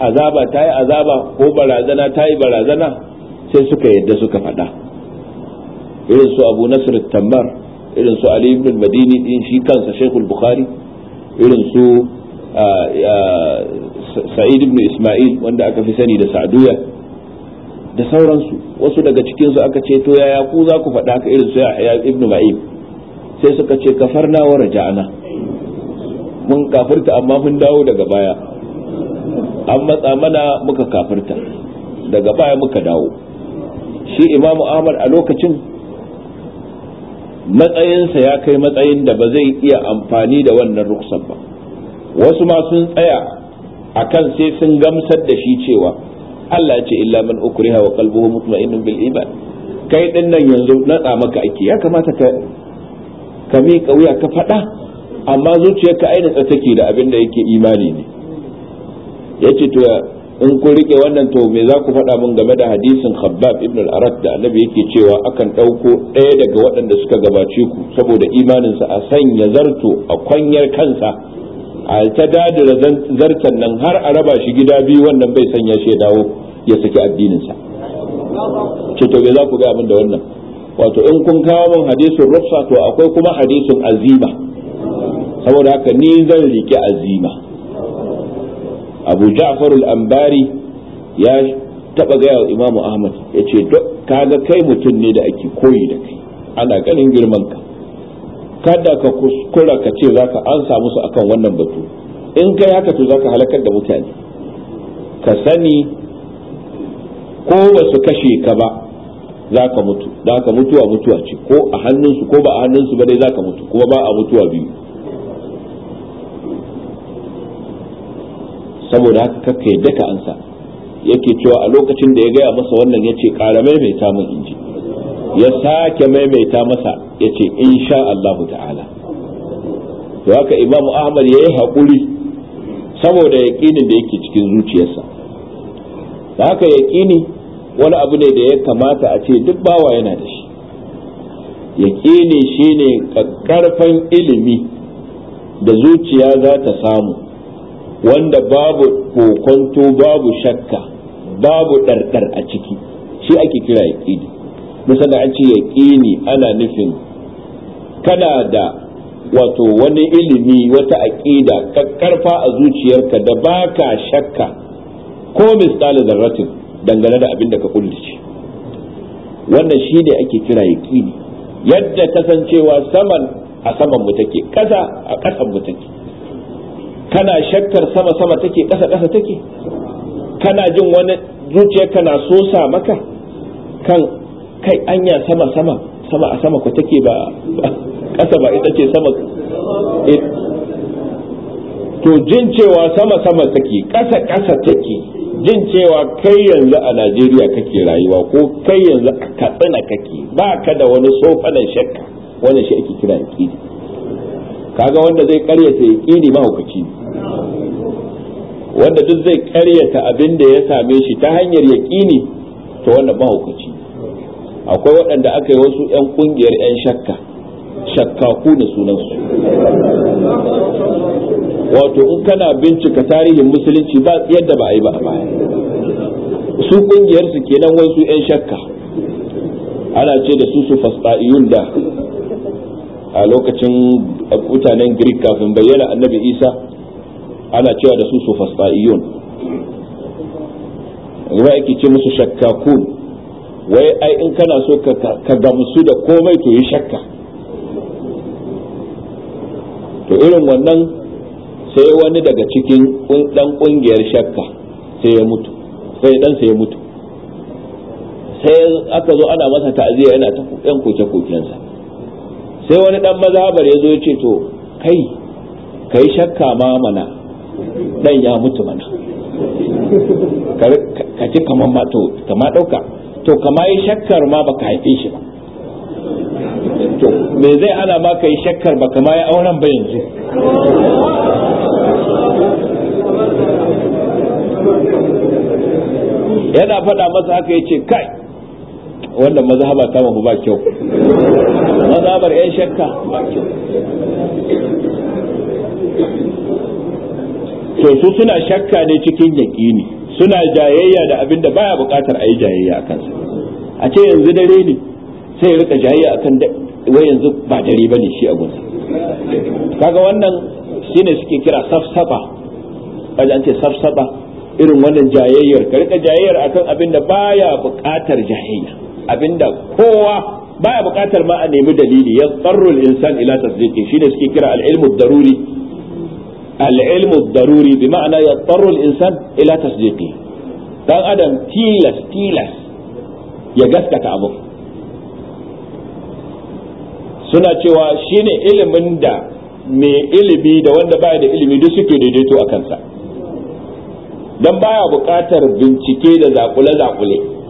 azaba ta yi azaba ko barazana ta yi barazana sai suka yadda suka faɗa irin su abu nasir Tamar, irin su ali ibn madini din shi kansa shaykhul bukhari irin su ah, ah, sa'id ibn isma'il wanda aka fi sani da sa'duya da sauransu wasu daga cikinsu aka ce to yaya ku za ku faɗa ka irin su ya ibn ma'in sai suka ce kafarna wa raja'na mun kafirta amma mun dawo daga baya an matsa mana muka kafirta daga baya muka dawo shi imamu ahmad a lokacin matsayinsa ya kai matsayin da ba zai iya amfani da wannan ruksan ba wasu ma sun tsaya a kan sai sun gamsar da shi cewa Allah ce illa man ukuriha wa qalbuhu bil iman kai din nan yanzu natsa maka ake ya kamata ka ka miƙa wuya ka faɗa amma zuciyarka ainihin take da abin da yake imani ne yace to in kun rike wannan to me za ku faɗa min game da hadisin khabbab ibn al-arat da annabi yake cewa akan ɗauko ɗaya daga waɗanda suka gabace ku saboda imaninsa a sanya zarto a kwanyar kansa a ta dadira zartan nan har a raba shi gida biyu wannan bai sanya shi dawo ya saki addininsa ce to me za ku gaya min da wannan wato in kun kawo min hadisin rufsa to akwai kuma hadisin azima saboda haka ni zan rike azima abu ja'far al-ambari ya taba gaya wa imamu ahmad ya ce kaga kai mutum ne da ake koyi da kai ana ganin girman ka kada ka kuskura ka ce zaka an samu su akan wannan batu in kai haka to zaka halakar da mutane ka sani ko ba su kashe ka ba za ka mutu za mutuwa mutuwa ce ko a hannunsu ko ba a hannunsu ba dai zaka mutu kuma ba a mutuwa biyu saboda haka kakka yadda ka ansa yake cewa a lokacin da ya gaya masa wannan ya ce ƙara maimaita min in ji ya sake maimaita masa ya ce sha Allah ta'ala to haka imamu ahmad ya yi haƙuri saboda yaƙinin da yake cikin zuciyarsa da haka yaƙini wani abu ne da ya kamata a ce duk bawa yana da shi yaƙini shine ƙaƙƙarfan ilimi da zuciya za ta samu wanda babu kokonto babu shakka babu ɗarɗar a ciki shi ake kira yaƙini misali an ce yaƙini ana nufin kana da wato wani ilimi wata aƙida ƙarfa a zuciyarka da baka shakka ko misali zarratin dangane da abin da ka kullace wannan shi ne ake kira yaƙini yadda kasancewa saman a saman mu take ƙasa a ƙasan mu take kana shakkar sama sama take ƙasa ƙasa take kana jin wani zuciya kana so sa maka kan kai anya sama sama sama a sama ku take ba ƙasa ba ita ce sama eh, to jin cewa sama sama take ƙasa ƙasa take jin cewa kai yanzu a najeriya kake rayuwa ko kai yanzu a katsina kake ba ka da wani sofanan shakka wannan shi ake kira aƙida kaga wanda zai karyata ne mahaukaci wanda duk zai karyata abin da ya same shi ta hanyar ne ta wannan mahaukaci akwai waɗanda aka yi wasu 'yan ƙungiyar 'yan shakka shakkaku da sunansu wato in kana bincika tarihin musulunci ba yadda ba a yi ba a baya su ƙungiyarsu kenan wasu 'yan shakka ana ce da su su fasɗa'iyun da a lokacin mutanen greek kafin bayyana annabi isa ana cewa da su sofasta'iyun ruwa yake ce musu shakkakun wai ai in kana so ka gamsu da komai to yi shakka to irin wannan sai wani daga cikin dan kungiyar shakka sai ya mutu sai dan sai ya mutu sai aka zo ana masa ta'aziyya yana ta yan koke-kokensa sai wani dan mazhabar ya zo ya ce to kai kai shakka ma mana dan ya mutu mana ka ce kamar ma to kama dauka to kama yi shakkar ma baka haife shi ba to me zai ana ma ka yi shakkar ba kama yi auren ba yanzu yana faɗa masa haka ya ce kai wannan mazhaba ta mu ba kyau mazhabar Ƴan shakka ba kyau to su suna shakka ne cikin yaƙini suna jayayya da abin da baya buƙatar a yi jayayya a kansa a ce yanzu dare ne sai rika jayayya akan wai yanzu ba dare bane shi a gunsa kaga wannan shine suke kira safsafa wajen an ce safsafa irin wannan jayayyar ka rika jayayyar akan abin da baya buƙatar jayayya abinda kowa baya buƙatar ma a nemi dalili ya tsarrul insan ila tasdiqi shine suke kira al-ilmu daruri al-ilmu daruri bi ma'ana ya tsarrul insan ila tasdiqi dan adam tilas tilas ya gaskata abu suna cewa shine ilimin da mai ilimi da wanda baya da ilimi duk suke daidaito a kansa dan baya buƙatar bincike da zakule-zakule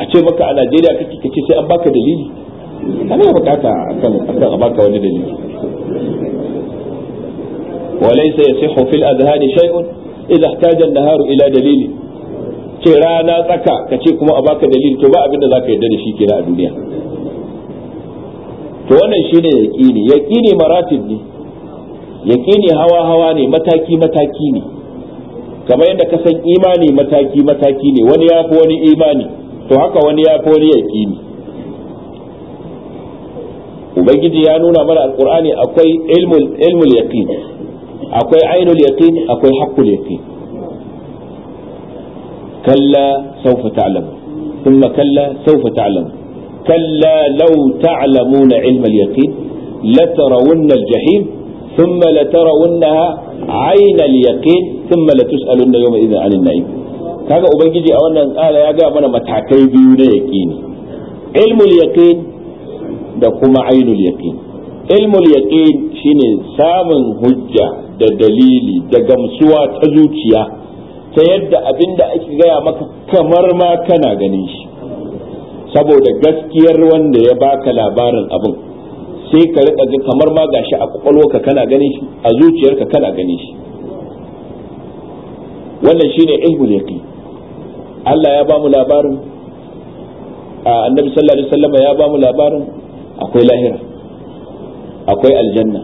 a ce maka a Najeriya kake kace sai an baka dalili ana bukata akan akan a baka wani dalili وليس يصح في shay'un شيء ihtaja an-nahar ila dalili? ce rana tsaka kace kuma a baka dalili to ba abinda za ka yarda da shi kira a duniya to wannan shine yaqini yaqini maratib ne yaqini hawa hawa ne mataki mataki ne kamar yadda ka san imani mataki mataki ne wani ya fi wani imani to haka wani ya fi wani ya yaƙini ubangiji ya nuna mana alkur'ani akwai ilmul yaqin akwai ainul yaqin akwai haqqul yaqin kalla sawfa ta'lam thumma kalla sawfa ta'lam kalla law ta'lamuna ilmal yaqin latarawunna aljahim thumma latarawunnaha 'ayna al-yaqin thumma latus'alunna yawma idhin 'anil na'im kaga ubangiji a wannan tsara ya ga mana matakai biyu na yaqini ilmul yaqin da kuma ainul yaqin ilmul yaqin shine samun hujja da dalili da gamsuwa ta zuciya ta yadda abinda ake gaya maka kamar ma kana ganin shi saboda gaskiyar wanda ya baka labarin abin sai ka riƙa kamar ma gashi a ka kana ganin shi a zuciyarka kana ganin shi wannan shine ilmul yaqin Allah ya ba mu labarin annabi sallallahu alaihi wasallam ya ba mu labarin akwai lahira akwai aljanna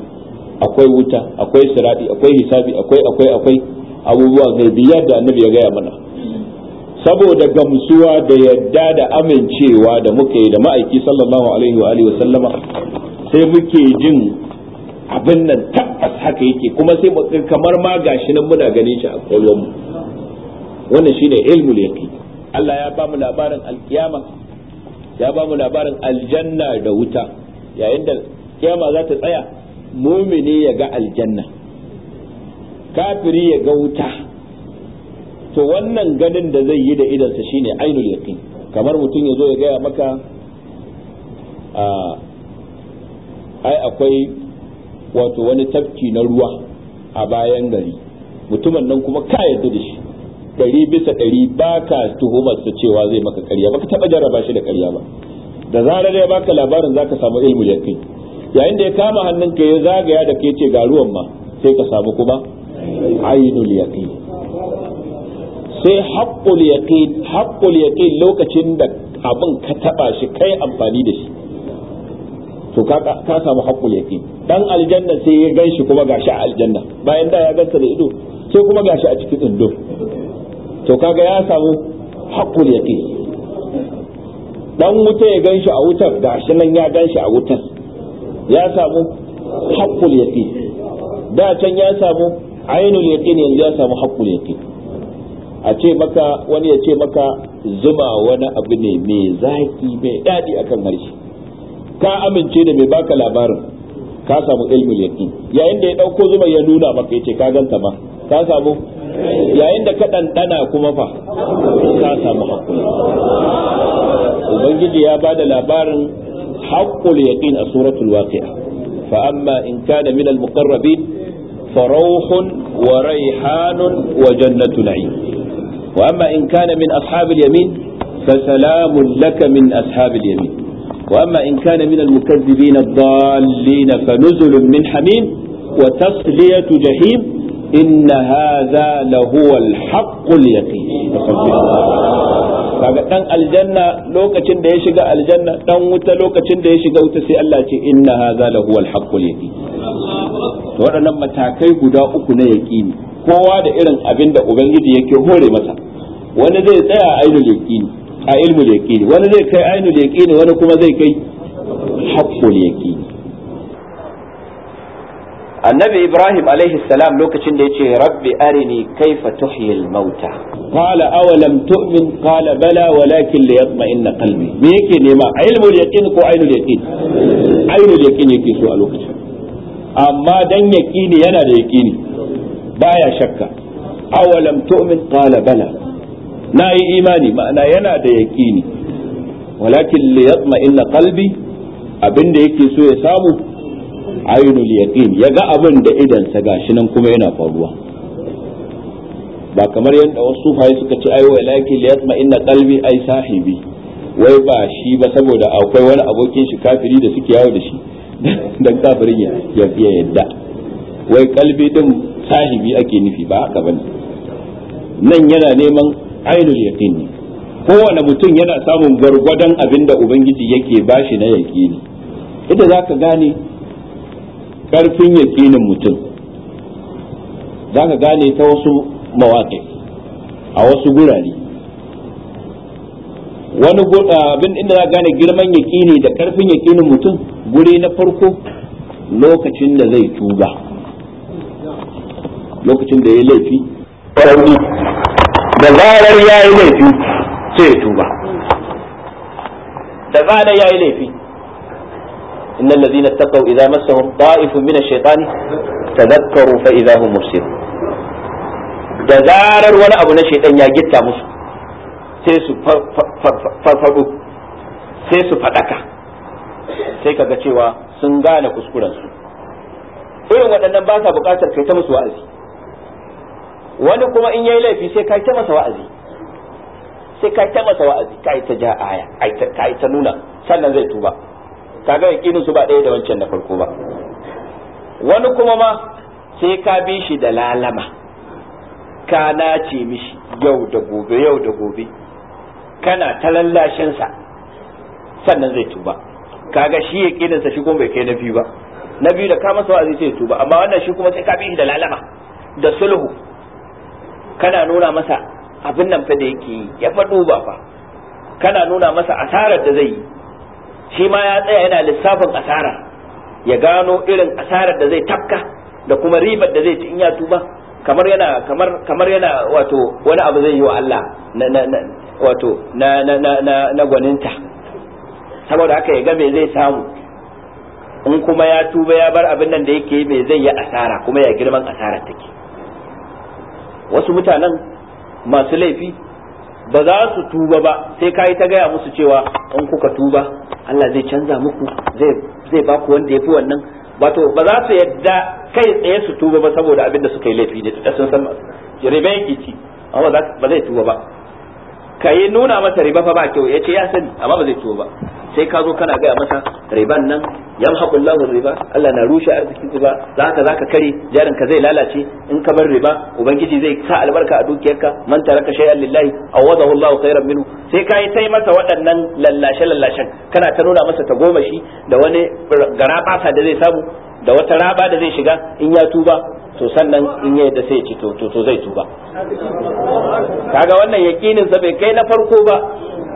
akwai wuta akwai siradi akwai hisabi akwai akwai akwai abubuwa gaibiyar da annabi ya gaya mana saboda gamsuwa da yadda da amincewa da muke da ma'aiki sallallahu alaihi wa alihi sallama sai muke jin abin nan tabbas haka yake kuma sai kamar ma gashi nan muna ganin shi a kwallon wannan shine ilmu yaqin Allah ya ba mu labarin alkiyama ya ba mu labarin aljanna da wuta yayin da kiyama za ta tsaya mumini ya ga aljanna kafiri ya ga wuta to wannan ganin da zai yi da idansa shine ainul yaqin kamar mutum ya zo ya gaya maka ah, ai akwai wato wani tafki na ruwa a bayan gari mutumin nan kuma ka yarda da shi ɗari bisa ɗari ba ka tuhumar sa cewa zai maka ƙarya ba ka taɓa jarraba shi da ƙarya ba da zarar ya baka labarin za ka samu ilmu ya kai yayin da ya kama hannun ka ya zagaya da ke ce ga ma sai ka samu kuma ainul yaqin sai haqqul yaqin haqqul yaqin lokacin da abin ka taɓa shi kai amfani da shi to ka samu haƙƙul yaqin dan aljanna sai ya ganshi kuma gashi a aljanna bayan da ya gansa da ido sai kuma gashi a cikin indo to kaga ya samu haƙƙul yaqin dan wuta ya ganshi a wutar gashi nan ya ganshi a wutar ya samu haƙƙul yaqin da can ya samu ainul yaqin yanzu ya samu haƙƙul yaqin a ce maka wani ya ce maka zuma wani abu ne mai zaki mai daɗi akan harshe ka amince da mai baka labarin ka samu ilmin yaqin yayin da ya dauko zuma ya nuna maka yace ka ganta ma ka samu yayin da ka ɗanɗana kuma fa ka samu ubangiji ya ba da labarin haƙƙul yaƙin a suratul waqi'a fa amma in kana min al muqarrabin fa rawhun wa rayhanun wa jannatu na'im amma in kana min ashabil yamin fa min ashabil yamin وأما إن كان من المكذبين الضالين فنزل من حميم وتصلية جحيم إن هذا لهو الحق اليقين kaga dan aljanna lokacin da ya shiga aljanna dan wuta lokacin da ya shiga wuta sai Allah ce inna hadha lahu al-haqqul yaqin waɗannan matakai guda uku na yaqini kowa da irin abin da ubangiji yake hore masa wani zai tsaya a ainihin yaqini a ilmu yaqini wani zai kai ainul yaqini wani kuma zai kai haqqul yaqini annabi ibrahim alaihi salam lokacin da ce rabbi arini kaifa tuhyil mauta qala awalam tu'min qala bala walakin liyatma'inna qalbi me yake nema a ilmul yaqin ko ainul yaqin ainul yaqin yake so a lokacin amma dan yaqini yana da yaqini baya shakka awalam tu'min qala bala na yi imani ma'ana yana da yaƙini walakin li yatma inna qalbi abin da yake so ya samu ainul yaqin ya ga abin da idan sa gashi nan kuma yana faruwa ba kamar yadda wasu fayi suka ce ayo walakin li yatma inna qalbi ai sahibi wai ba shi ba saboda akwai wani abokin shi kafiri da suke yawo da shi <laughs> dan kafirin ya yadda wai kalbi din sahibi ake nufi ba haka bane nan yana neman ainihin yaqin ne kowane mutum yana samun gargwadon abin da ubangiji yake bashi na yaqini ita ka gane ƙarfin yaqinin mutum za ka gane ta wasu mawaƙi a wasu gurare wani abin inda za ka gane girman yaƙini da ƙarfin yaƙinin mutum guri na farko lokacin da zai tuba lokacin da ya laifi da zarar ya yi laifi sai ya tuba da zarar ya yi laifi إن الذين اتقوا إذا مسهم طائف من الشيطان تذكروا فإذا هم مبصرون da zarar wani abu na shaidan ya gitta musu sai su farfaɗo sai su faɗaka sai kaga cewa sun gane kuskurensu irin waɗannan ba sa buƙatar kai ta musu wa'azi wani kuma in yayi laifi sai kai ta masa wa'azi sai kai ta masa wa'azi kai ta ja aya kai ta nuna sannan zai tuba kaga yakinin su ba ɗaya da wancan na farko ba wani kuma ma sai ka bi shi da lalama ka nace mishi yau da gobe yau da gobe kana ta lallashinsa sannan zai tuba kaga shi sa shi kuma bai kai na biyu ba na biyu da ka masa wa'azi sai tuba amma wannan shi kuma sai ka bi shi da lalama da sulhu kana nuna masa abin nan fa da yake yi ya fa duba fa kana nuna masa asarar da zai yi shi ma ya tsaya yana lissafin asara ya gano irin asarar da zai tafka da kuma ribar da zai ci in ya tuba kamar yana kamar kamar yana wato wani abu zai yi wa Allah na na wato na na na na gwaninta saboda haka ya ga me zai samu in kuma ya tuba ya bar abin nan da yake yi me zai yi asara kuma ya girman asara take wasu mutanen masu laifi ba za su tuba ba sai ka yi ta gaya musu cewa in kuka tuba Allah zai canza muku zai ba ku wanda ya fi wannan wato ba za su yadda kai tsaye su tuba ba saboda abin da suka yi laifi ne da sun san riba yake ci amma ba zai tuba ba ka yi nuna masa riba fa ba kyau ya ce ya sani amma ba zai tuba ba sai ka zo kana gaya masa riban nan yamhaqullahu riba Allah na rushe arzikin riba za ka kare jarin ka zai lalace in ka bar riba ubangiji zai sa albarka a dukiyarka man taraka shay'an lillahi awadahu hulawu khairan minhu sai yi sai masa waɗannan lallashe lallashen kana ta nuna masa ta goma shi da wani garabasa da zai samu da wata raba da zai shiga in ya tuba to sannan in ya da sai ci to to zai tuba kaga wannan yakinin sa bai kai na farko ba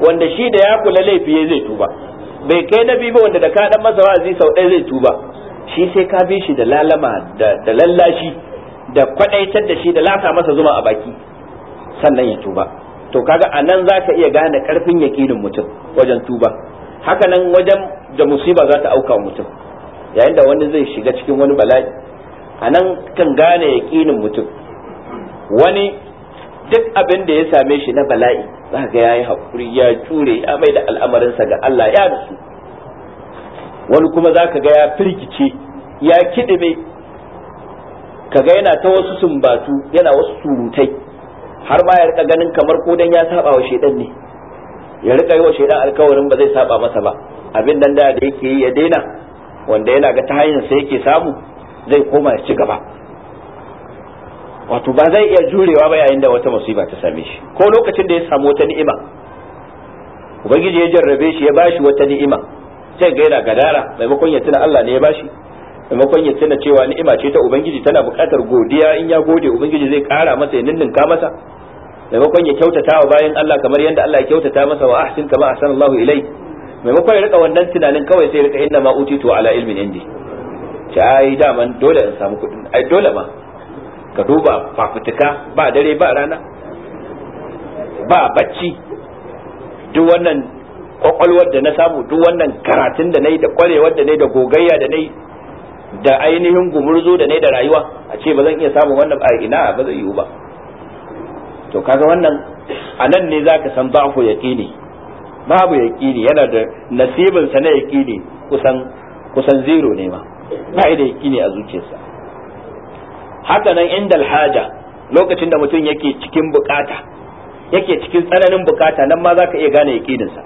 wanda shi da ya kula laifi ya zai tuba bai kai nabi ba wanda da ka dan masa wa'azi sau ɗaya zai tuba shi sai ka bi shi da lalama da lallashi da kwadaitar da shi da lasa masa zuma a baki sannan ya tuba to kaga a nan za ka iya gane karfin yakinin mutum wajen tuba haka nan wajen da musiba za ta auka mutum yayin da wani zai shiga cikin wani bala'i a nan kan gane yakinin mutum wani duk abin da ya same shi na bala'i za ga yayi hakuri ya ture, ya mai da al'amarinsa ga Allah ya nutsu wani kuma za ka ga ya firgice ya ka kaga yana ta wasu sumbatu yana wasu surutai har ma ya rika ganin kamar ko dan ya saba wa shedan ne ya rika yi wa shedan alkawarin ba zai saba masa ba abin nan da da yake yi ya daina wanda yana ga ta hanyar sa yake samu zai koma ya ci gaba wato ba zai iya jurewa ba yayin da wata musiba ta same shi ko lokacin da ya samu wata ni'ima ubangiji ya jarrabe shi ya bashi wata ni'ima sai ga yana gadara maimakon ya tuna Allah ne ya bashi maimakon ya tuna cewa ni'ima ce ta ubangiji tana buƙatar godiya in ya gode ubangiji zai ƙara masa ya ka masa maimakon ya kyautata wa bayan Allah kamar yadda Allah ya kyautata masa wa ahsin kama ahsanallahu ilai maimakon ya rika wannan tunanin kawai sai ya rika inna ma utitu ala ilmin indi ta ai daman dole in samu kuɗin ai dole ma ka duba fituka ba dare ba rana ba bacci duk wannan kwakwalwar da na samu duk wannan karatun da na yi da kwarewar da na da gogayya da na da ainihin gumurzo da na da rayuwa a ce ba zan iya samun wannan a ina ba zai yiwu ba to kaga wannan a nan ne zaka ka san ba'fu yaqini babu yaqini yana da nasibinsa na yaqini kusan kusan zero ne ma ba da yaqini a zuciyarsa haka nan inda alhaja lokacin da mutum yake cikin bukata yake cikin tsananin bukata nan ma zaka iya gane yaƙininsa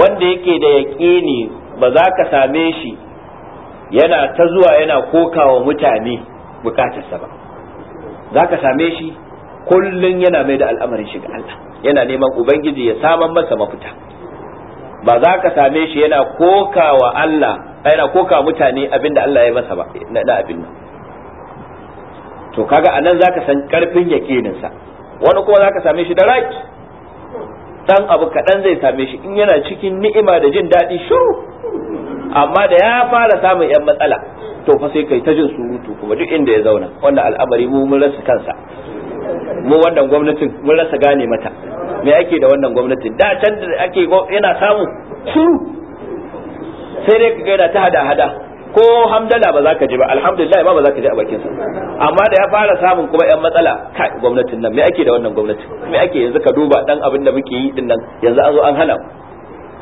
wanda yake da yaƙini ba za ka same shi yana ta zuwa yana kokawa mutane bukatarsa ba za ka same shi kullum yana mai da al'amarin shiga Allah yana neman ubangiji ya saman masa mafita ba za ka same shi yana kokawa Allah ba yana koka mutane abin da Allah ya masa ba na abin nan to kaga anan zaka san karfin yakinin sa wani kuma zaka same shi da raki dan abu kadan zai same shi in yana cikin ni'ima da jin daɗi shiru amma da ya fara samun yan matsala to fa sai kai ta jin surutu kuma duk inda ya zauna wannan al'amari mu mun rasa kansa mu wannan gwamnatin mun rasa gane mata me ake da wannan gwamnatin da can da ake yana samu shiru sai dai kaga yana ta hada hada ko hamdala ba za ka ji ba alhamdulillah ba ba za ka ji a bakin sa amma da ya fara samun kuma yan matsala kai gwamnatin nan me ake da wannan gwamnati me ake yanzu ka duba dan abin da muke yi din nan yanzu an zo an hana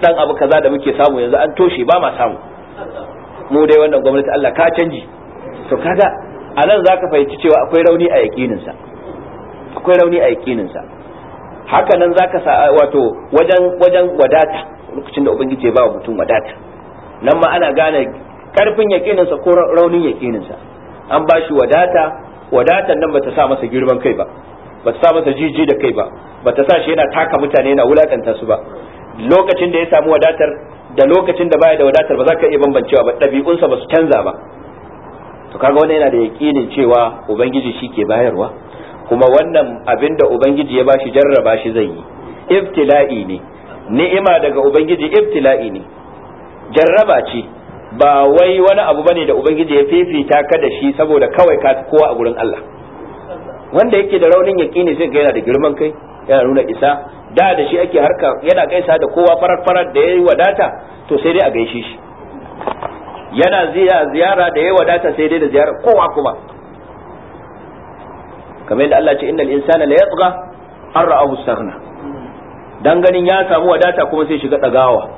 dan abu kaza da muke samu yanzu an toshe ba ma samu mu dai wannan gwamnati Allah ka canji to kaga a nan za ka fahimci cewa akwai rauni a sa akwai rauni a sa haka nan za ka wato wajen wajen wadata lokacin da ubangiji ba mutum wadata nan ma ana gane karfin yakininsa ko raunin yakininsa an ba shi wadata wadatan nan bata sa masa girman kai ba bata sa masa jiji da kai ba bata sa shi yana taka mutane yana wulakanta su ba lokacin da ya samu wadatar da lokacin da baya da wadatar ba za ka iya bambancewa ba ɗabi'unsa ba su canza ba to kaga wannan yana da yakinin cewa ubangiji shi ke bayarwa kuma wannan abin da ubangiji ya bashi jarraba shi zai yi ibtila'i ne ni'ima daga ubangiji ibtila'i ne jarraba ce ba wai wani abu bane da ubangiji ya fifita ka da shi saboda kawai ka kowa a gurin Allah wanda yake da raunin ne sai ga yana da girman kai yana nuna isa da da shi ake harka yana gaisa da kowa farar farar da yayi wadata to sai dai a gaishe shi yana ziyara da yayi wadata sai dai da ziyara kowa kuma kamar yadda Allah ce innal insana la yatgha an ra'ahu staghna dan ganin ya samu wadata kuma sai shiga dagawa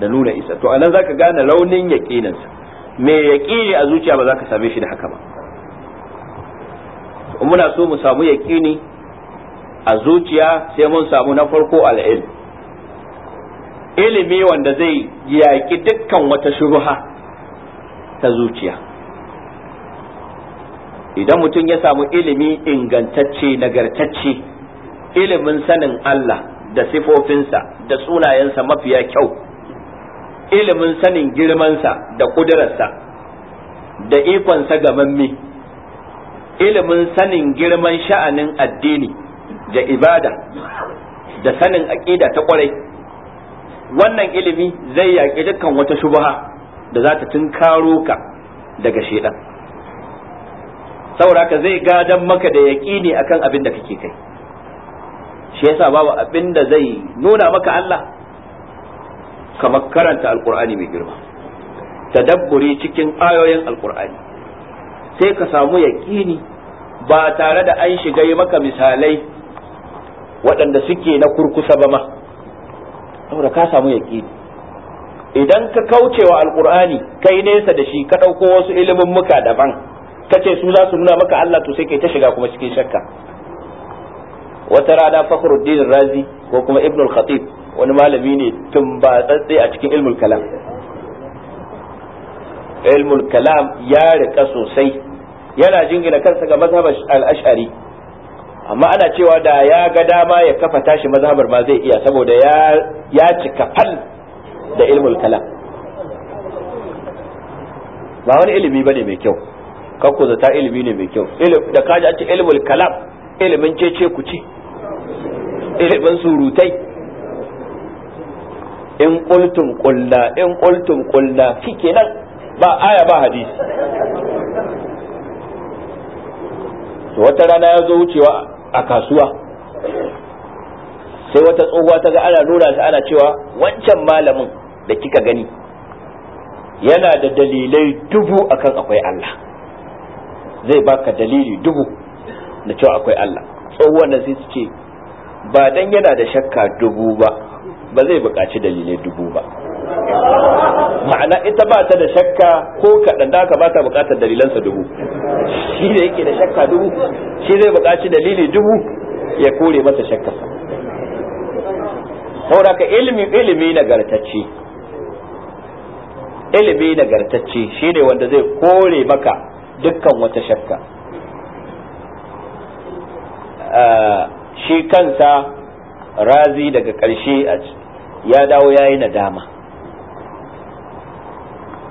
da nuna isa to anan zaka gane raunin yaqininsa me yaqini a zuciya ba zaka same shi da haka ba muna so mu samu yaqini a zuciya sai mun samu na farko al'ilm ilimi wanda zai yaƙi dukkan wata shubha ta zuciya idan mutum ya samu ilimi ingantacce nagartacce ilimin sanin Allah da sifofinsa da sunayensa mafiya kyau ilimin sanin girmansa da ƙudurarsa da ikonsa mamme, ilimin sanin girman sha'anin addini da ibada da sanin aƙida ta ƙwarai wannan ilimi zai yaƙi dukkan wata shubha da za ta tunkaro ka daga shedan saboda ka zai gadon maka da yaƙini akan abin da kake kai shi yasa babu abin da zai nuna maka Allah kamar karanta alkur'ani mai girma tadabburi cikin ayoyin alkur'ani sai ka samu yaƙini ba tare da an shiga yi maka misalai waɗanda suke na kurkusa ba ma saboda ka samu yaƙini idan ka kaucewa alkur'ani kai nesa da shi ka ɗauko wasu ilimin muka daban ka ce su za su nuna maka Allah to sai kai ta shiga kuma cikin shakka wata rana fakhruddin razi ko kuma ibnul khatib wani malami ne tun tumbatsatse a cikin ilmul kalam ilmul kalam ya rika sosai yana jingina kansa ga mazhabar al-ash'ari amma ana cewa da ya ga dama ya kafa tashi mazhabar ma zai iya saboda ya ya cika fal da ilmul kalam ba wani ilimi bane mai kyau kanku zata ilimi ne mai kyau da kaji a ce ilmul kalam ilimin cece ku ce. ilimin surutai in qultum qulla in qultum qulla nan ba aya ba hadisi to wata rana ya zo wucewa a kasuwa sai wata tsohuwa ta ga ana nuna ta ana cewa wancan malamin da kika gani yana da dalilai dubu akan akwai Allah zai baka dalili dubu da cewa akwai Allah tsohuwan nan sai ce ba dan yana da shakka dubu ba ba zai buƙaci dalilai dubu ba ma'ana ita ba ta da shakka ko kaɗan da ba ta buƙatar dalilansa dubu shi da yake da shakka dubu shi zai buƙaci dalili dubu ya kore masa shakka saboda ka ilimi ilimi nagartacce ilimi nagartacce shi ne wanda zai kore maka dukkan wata shakka ah, shi kansa razi daga ƙarshe ya dawo ya yi nadama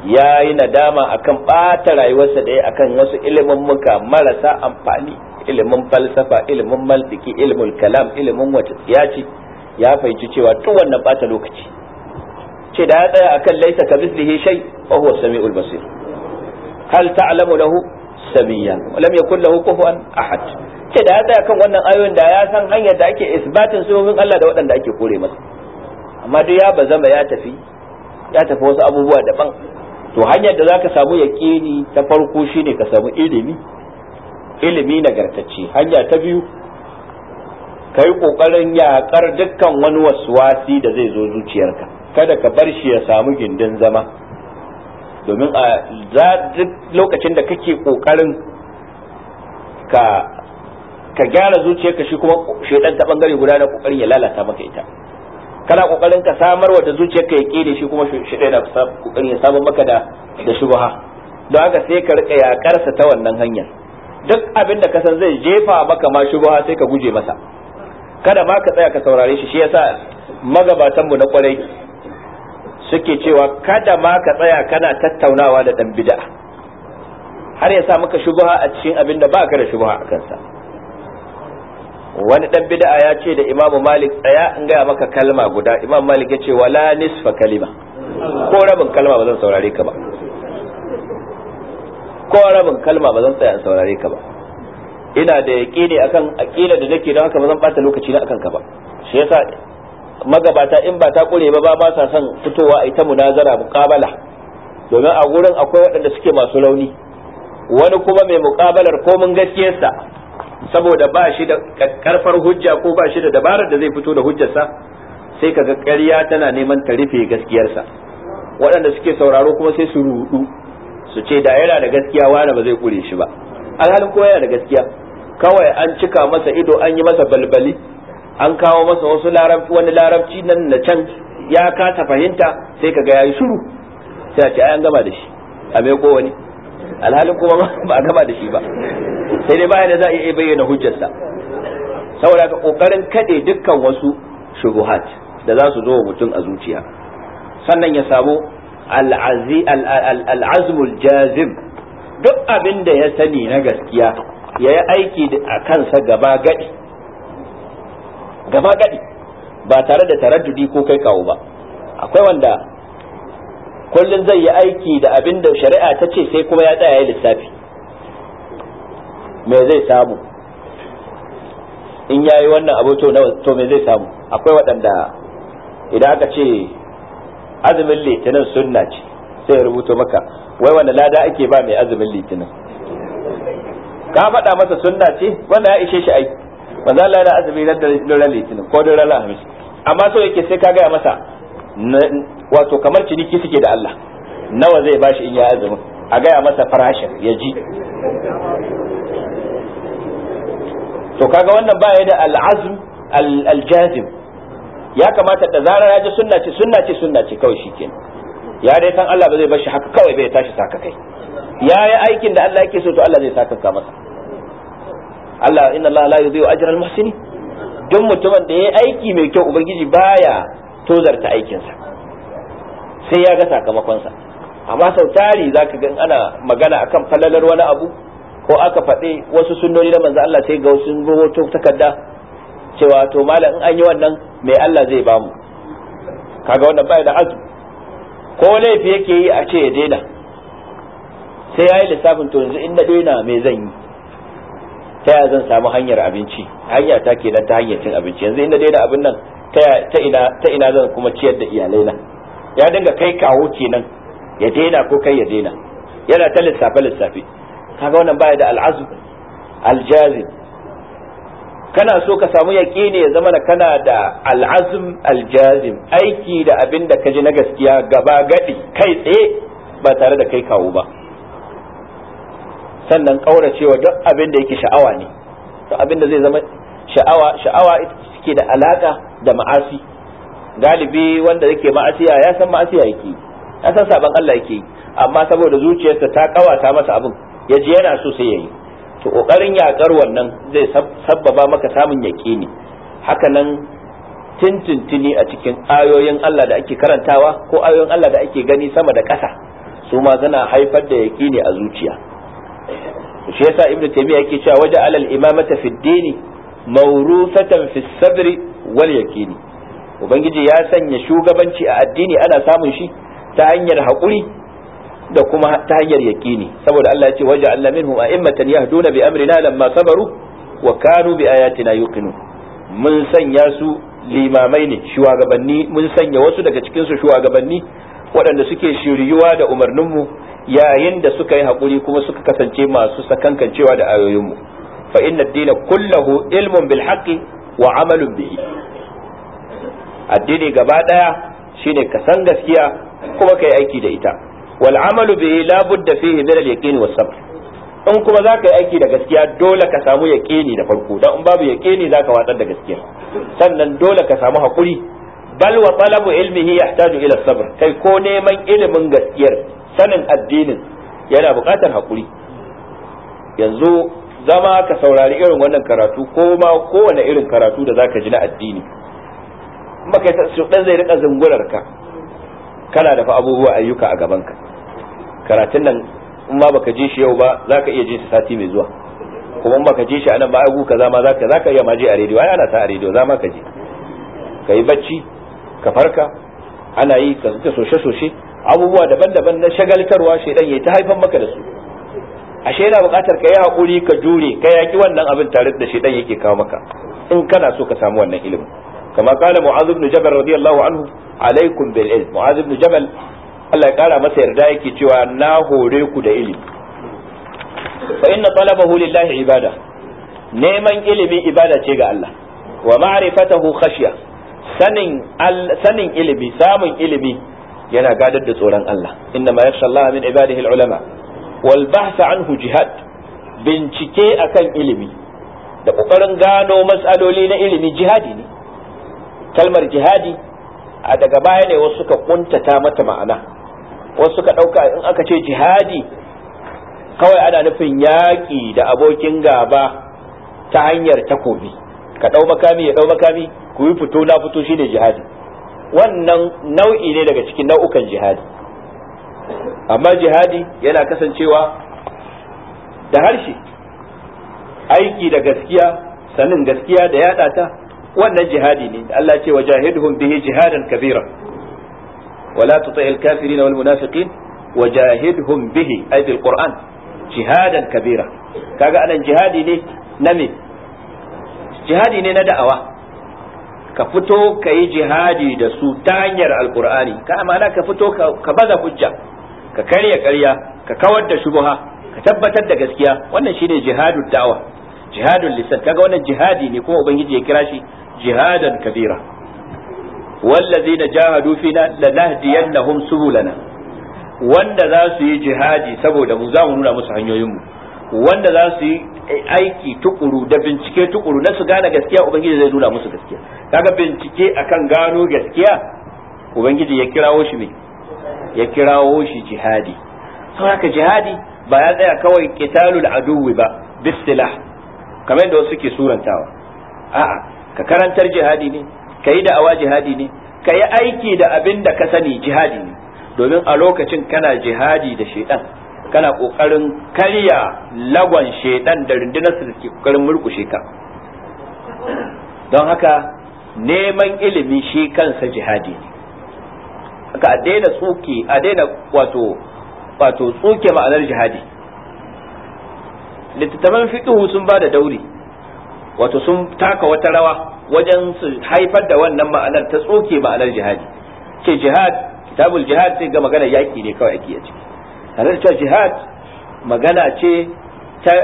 ya yi nadama a kan ɓata rayuwarsa da ya akan wasu ilimin muka marasa amfani ilimin falsafa ilimin maltiki ilimin kalam ilimin wata tsiyaci ya fahimci cewa tun wannan ɓata lokaci ce da ya tsaya a kan laisa ka mislihi shai wa huwa samiul basir hal ta'lamu lahu samiyan lam yakul lahu kufuwan ahad ce da ya tsaya kan wannan ayoyin da ya san hanyar da ake isbatin sunofin Allah da waɗanda ake kore masa amma duk ya bazama ya tafi ya tafi wasu abubuwa daban to hanyar da zaka samu yaqini ta farko shine ka samu ilimi ilimi nagartacce hanya ta biyu ka yi ƙoƙarin yaƙar dukkan wani waswasi da zai zo zuciyarka kada ka bar shi ya samu gindin zama domin a za duk lokacin da kake ƙoƙarin ka ka gyara zuciyarka shi kuma shedan ta bangare guda na ƙoƙarin ya lalata maka ita kana kokarin ka samar wa da ka ya kide shi kuma shi ɗaya na kokarin ya samu maka da da shubha don haka sai ka rika sa ta wannan hanyar duk abin da ka san zai jefa maka ma shubha sai ka guje masa kada ma ka tsaya ka saurare shi shi yasa magabatan mu na kwarai suke cewa kada ma ka tsaya kana tattaunawa da dan bid'a har ya sa maka shubha a cikin abin da ba da shubha a kansa wani dan bid'a ya ce da imamu malik tsaya in gaya maka kalma guda imamu malik ya ce wala nisfa kalima ko rabin kalma ba zan saurare ka ba ko rabin kalma ba zan tsaya in saurare ka ba ina da ne akan aqila da nake don haka ba zan bata lokaci na akan ka ba shi yasa magabata in ba ta kure ba ba ba sa son fitowa a ita munazara muqabala domin a gurin akwai waɗanda suke masu rauni wani kuma mai muƙabalar komin gaskiyarsa saboda ba shi da karfar hujja ko ba shi da dabarar da zai fito da hujjarsa sai kaga ƙarya tana neman ta rufe gaskiyarsa waɗanda suke sauraro kuma sai su rudu su ce da yana da gaskiya wani ba zai kure shi ba alhalin ko yana da gaskiya kawai an cika masa ido an yi masa balbali an kawo masa wasu larabci wani larabci nan na can ya kasa fahimta sai kaga yayi shiru sai a ce an gama da shi a mai ko wani alhalin kuma ba a gaba da shi ba sai dai bayan da za a iya bayyana hujjarsa saboda ka kokarin kade dukkan wasu shubuhat da za su zo wa mutum a zuciya sannan ya samu al'azmul jazim duk abin da ya sani na gaskiya ya yi aiki a kansa gaba gadi gaba gadi ba tare da taraddudi ko kai kawo ba akwai wanda kullum zai yi aiki da abin da shari'a ta ce sai kuma ya tsaya ya lissafi me zai samu in yayi wannan abu to to me zai samu akwai waɗanda idan aka ce azumin litinin sunna ce sai ya rubuto maka wai wanda lada ake ba mai azumin litinin ka faɗa masa sunna ce wanda ya ishe shi aiki manzo lada azumin azumi ran litinin ko ran alhamis amma so yake sai ka gaya masa wato kamar ciniki suke da Allah nawa zai bashi in ya azumi a gaya masa farashin ya ji to kaga wannan baya da al'azm al-jazim ya kamata da zarar ya ji sunna ce sunna ce sunna ce kawai shikenan ya dai san Allah ba zai bashi haka kawai bai tashi saka kai ya yi aikin da Allah yake so to Allah zai saka ka masa Allah inna Allah la yudhi'u ajra al-muhsinin duk mutumin da ya yi aiki mai kyau ubangiji baya tozarta aikinsa sai ya ga sakamakonsa amma sau tari za ka gan ana magana akan falalar wani abu ko aka faɗi wasu sunnoni na manzo Allah sai ga wasu rubutu takarda cewa to malam in an yi wannan mai Allah zai bamu kaga wannan bai da azu ko laifi yake yi a ce ya daina sai ya yi lissafin to yanzu in na daina me zan yi ta yaya zan samu hanyar abinci hanya ta kenan ta hanyar cin abinci yanzu in na daina abin nan ta ina zan kuma ciyar da iyalaina ya dinga kai kawo kenan ya daina ko kai ya daina yana ta lissafe lissafe kaga wannan baya da al'azu aljazim kana so ka samu yaƙi ne ya zama da kana da al'azm aljazim aiki da abin da ka ji na gaskiya gaba gadi kai tsaye ba tare da kai kawo ba sannan ƙauracewa duk abin da yake sha'awa ne to abin da zai zama sha'awa sha'awa suke da alaka da ma'asi galibi wanda yake ma'asiya ya san ma'asiya yake ya san saban Allah yake amma saboda zuciyarsa ta kawata masa abin ya ji yana so sai yayi to kokarin yakar wannan zai sabbaba maka samun yaqini haka nan tintintini a cikin ayoyin Allah da ake karantawa ko ayoyin Allah da ake gani sama da ƙasa su ma suna haifar da yaqini a zuciya shi yasa ibnu taymiya yake cewa waje alal imamata fid dini mawrufatan fi sabri wal yaqini ubangiji ya sanya shugabanci a addini ana samun shi ta hanyar haƙuri da kuma ta hanyar yaqini saboda Allah ya ce waja'alna minhum a'immatan yahduna bi amrina lamma sabaru wa kanu bi ayatina yuqinu mun sanya su limamai ne shugabanni mun sanya wasu daga cikin su shugabanni waɗanda suke shiryuwa da umarninmu yayin da suka yi haƙuri kuma suka kasance masu sakankancewa da ayoyinmu fa inna ad-dina kullahu ilmun bil haqqi wa amalun bihi addini gaba daya shine ka san gaskiya kuma kai aiki da ita wal amalu bihi la budda fihi min al-yaqin sabr in kuma za ka yi aiki da gaskiya dole ka samu yaƙini da farko Dan in babu yaƙini za ka watsar da gaskiya sannan dole ka samu haƙuri bal wa talabu ilmihi yahtaju ila sabr kai ko neman ilimin gaskiyar sanin addinin yana buƙatar haƙuri yanzu zama ka saurari irin wannan karatu ko ma kowane irin karatu da zaka ji na addini kai ta su dan zai rika zungurar ka kana da fa abubuwa ayyuka a gaban ka karatun nan in ma baka ji shi yau ba zaka iya je shi sati mai zuwa kuma in baka ji shi anan ba ai kaza ma zaka zaka iya ma ji a rediyo ai ana sa a rediyo za ma ka ji kai bacci ka farka ana yi ka soshe soshe abubuwa daban-daban na shagaltarwa shedan yayi ta haifan maka da su ashe yana buƙatar ka yi haƙuri ka jure ka yaƙi wannan abin tare da shedan yake kawo maka in kana so ka samu wannan ilimin kama kala mu'az ibn jabal radiyallahu anhu alaikum bil ilm mu'az ibn jabal Allah ya kara masa yarda yake cewa na hore ku da ilimi fa inna talabahu lillahi ibada neman ilimi ibada ce ga Allah wa ma'rifatahu khashya sanin sanin ilimi samun ilimi yana gadar da tsoron Allah inna ma yakhsha Allah min ibadihi al-ulama wal bahth anhu jihad bincike akan ilimi da kokarin gano matsaloli na ilimi jihadi ne kalmar jihadi a daga baya ne wasu suka kuntata mata ma'ana wasu ka ɗauka in aka ce jihadi kawai ana nufin yaƙi da abokin gaba ta hanyar takobi ka dau makami ya dau makami ku yi fito na fito shine jihadi wannan nau'i ne daga cikin nau'ukan jihadi amma jihadi yana kasancewa da harshe aiki da gaskiya sanin gaskiya da yada ta wannan jihadi ne Allah ce wa jahidhum bihi jihadan kabira wala tuti'il kafirin wal munafiqin wa jahidhum bihi ay bil qur'an jihadan kabira kaga anan jihadi ne na me jihadi ne na da'awa ka fito ka yi jihadi da su ta hanyar alkur'ani ka amana ka fito ka baza hujja ka karya karya ka kawar da shubuha ka tabbatar da gaskiya wannan shine jihadul da'wa jihadul lisan kaga wannan jihadi ne kuma ubangiji ya kira shi jihadan kabira wallazina jahadu fina lanahdiyannahum subulana wanda za su yi jihadi saboda mu za mu nuna musu hanyoyinmu, wanda za su yi aiki tukuru da bincike tukuru na su gane gaskiya ubangiji zai nuna musu gaskiya kaga bincike akan gano gaskiya ubangiji ya kirawo shi mai ya kirawo shi jihadi haka jihadi ba ya tsaya kawai qitalul aduwi ba bisilah kamar yadda wasu ke surantawa a'a ka karantar jihadi ne ka yi da'awa jihadi ne ka yi aiki da abin da ka sani jihadi ne domin a lokacin kana jihadi da shaidan kana kokarin karya lagon shaidan da rundunar su ke kokarin murkushe ka don haka neman ilimi shi kansa jihadi ne ka a daina tsuke a daina wato wato tsuke ma'anar jihadi littattafan fiqhu sun ba da dauri wato sun taka wata rawa wajen su haifar da wannan ma'anar ta tsuke ma'anar jihadi ce jihad kitabul jihad sai ga magana yaki ne kawai ake a tare da jihad magana ce ta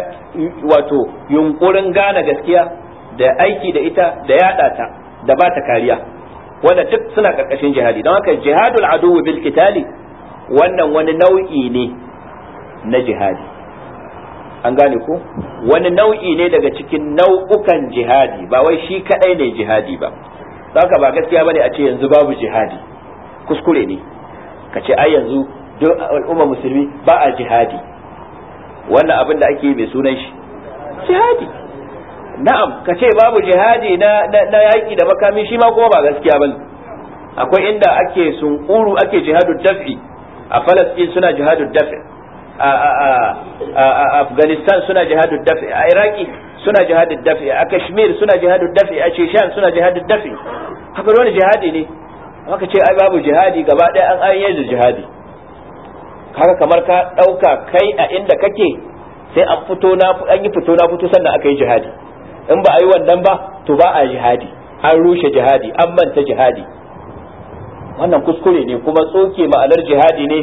wato yunkurin gane gaskiya da aiki da ita da yada ta da ba ta kariya wanda duk suna karkashin jihadi don haka jihadul Ado bil qitali wannan wani nau'i ne na jihadi an gane ko wani nau'i ne daga cikin nau'ukan jihadi ba wai shi kadai ne jihadi ba saka ba gaskiya bane a ce yanzu babu jihadi kuskure ne ka ce ai yanzu duk al'umma musulmi ba a jihadi wannan abin da ake mai sunan shi jihadi na'am ka ce babu jihadi na na yaki da makami shi ma kuma ba gaskiya bane akwai inda ake sunkuru ake jihadu daf'i a Falastin suna jihadu daf'i a Afghanistan suna jihadu daf'i a Iraki suna jihadu daf'i a Kashmir suna jihadu daf'i a Cheshire suna jihadu daf'i haka wani jihadi ne haka ce ai babu jihadi gaba ɗaya an da jihadi haka kamar ka ɗauka kai a inda kake sai an fito na an yi fito na fito sannan aka yi jihadi in ba a yi wannan ba to ba a jihadi an rushe jihadi an manta jihadi wannan kuskure ne kuma tsoke ma'anar jihadi ne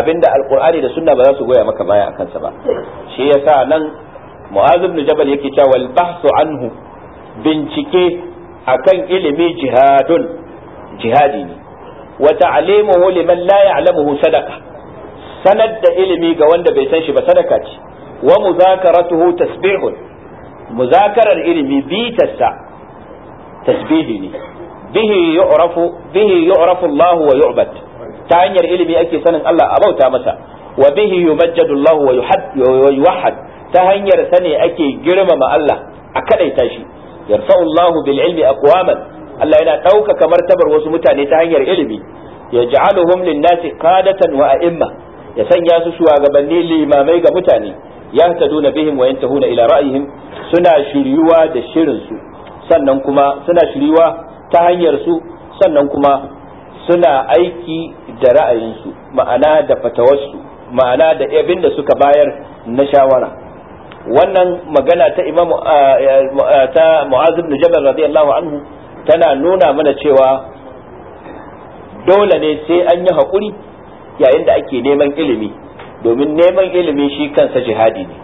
abinda alkur'ani da sunna ba za su goya maka baya akan sa ba shi yasa nan mu'az ibn jabal yake cewa wal bahsu anhu bincike akan ilimi jihadun jihadi ne wa ta'limuhu liman la ya'lamuhu sadaqa sanad da ilimi ga wanda bai san shi ba sadaka ce wa muzakaratuhu tasbihun muzakarar ilimi bitarsa tasbihi ne bihi yu'rafu bihi yu'rafu Allah wa yu'bad ta hanyar ilimi ake sanin Allah a bauta masa wa bihi yumajjadu Allah wa yuhad ta hanyar sani ake girmama Allah a kadaita shi yarfa'u Allah bil ilmi aqwaman Allah yana ɗaukaka martabar wasu mutane ta hanyar ilimi yaj'aluhum lin-nasi qadatan wa a'imma ya sanya su shuwagabanni limamai ga mutane yahtaduna bihim wa yantahuna ila ra'yihim suna shiryuwa da shirin su sannan kuma suna shiryuwa ta hanyar su sannan kuma suna aiki da ra'ayinsu ma'ana da fatawarsu ma'ana da abin da suka bayar na shawara wannan magana ta imam ta mu'az ibn jabal radiyallahu anhu tana nuna mana cewa dole ne sai an yi haƙuri yayin da ake neman ilimi domin neman ilimi shi kansa jihadi ne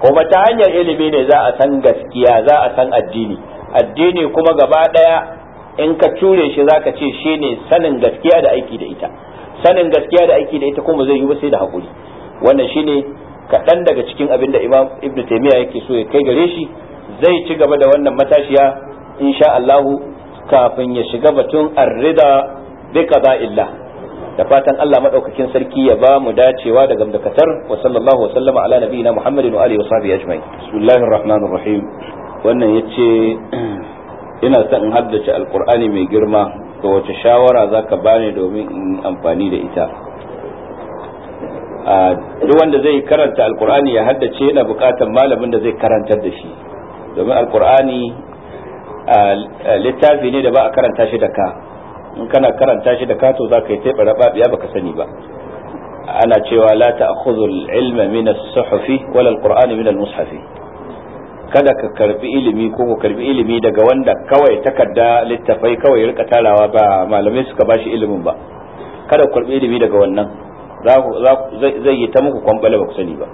kuma ta hanyar ilimi ne za a san gaskiya za a san addini addini kuma gaba ɗaya in ka ture shi za ka ce shi ne sanin gaskiya da aiki da ita sanin gaskiya da aiki da ita kuma zai yi ba sai da haƙuri wannan shi ne kaɗan daga cikin abin da imam ibn taimiyya yake so ya kai gare shi zai ci gaba da wannan matashiya insha allahu kafin ya shiga batun arrida bi illa. da fatan Allah madaukakin sarki ya ba mu dacewa daga dakatar wa sallallahu wasallama ala nabiyina Muhammadin wa alihi wa sahbihi ajma'in bismillahir rahmanir rahim wannan yace <clears throat> ina son in haddace alqur'ani mai girma to wace shawara zaka bani domin in amfani da ita a duk wanda zai karanta alqur'ani ya haddace yana bukatar malamin da zai karantar da shi domin alqur'ani littafi ne da ba a karanta shi da ka in kana karanta shi da kato za ka yi taɓa raɓaɓiya baka sani ba ana cewa la ta'khudhu al-ilma min as-suhufi wala al-qur'an min mushafi kada ka karbi ilimi ko ka karbi ilimi daga wanda kawai takarda littafai kawai rika tarawa ba malamai suka bashi ilimin ba kada ku karbi ilimi daga wannan zai yi ta muku kwambala ba ku sani ba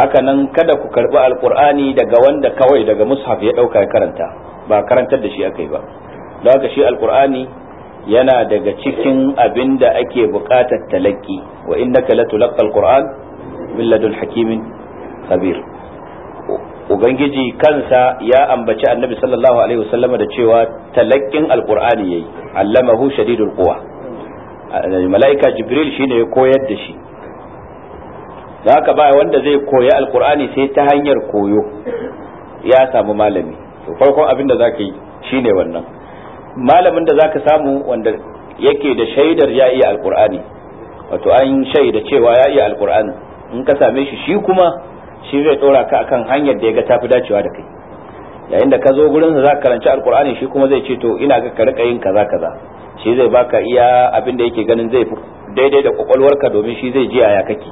haka nan kada ku karbi alqur'ani daga wanda kawai daga mushaf ya ɗauka ya karanta ba karantar da shi akai ba don haka shi alqur'ani yana daga cikin abin da ake buƙatar talaki wa innaka latulqa alquran min ladun hakimin khabir ubangiji kansa ya ambaci annabi sallallahu alaihi wasallam da cewa talakkin alqur'ani yayi allamahu shadidul quwa malaika jibril shine ya koyar da shi haka ba wanda zai koya alqur'ani sai ta hanyar koyo ya samu malami to farkon abin da zaka yi shine wannan malamin da ka samu wanda yake da shaidar ya iya alqur'ani wato an shaida cewa ya iya alqur'ani in ka same shi shi kuma shi zai dora ka akan hanyar da ya ga tafi dacewa da kai yayin da ka zo gurin sa zaka karanci alqur'ani shi kuma zai ce to ina ga ka rika yin kaza kaza shi zai baka iya abin da yake ganin zai fi daidai da kwakwalwarka domin shi zai ji yaya kake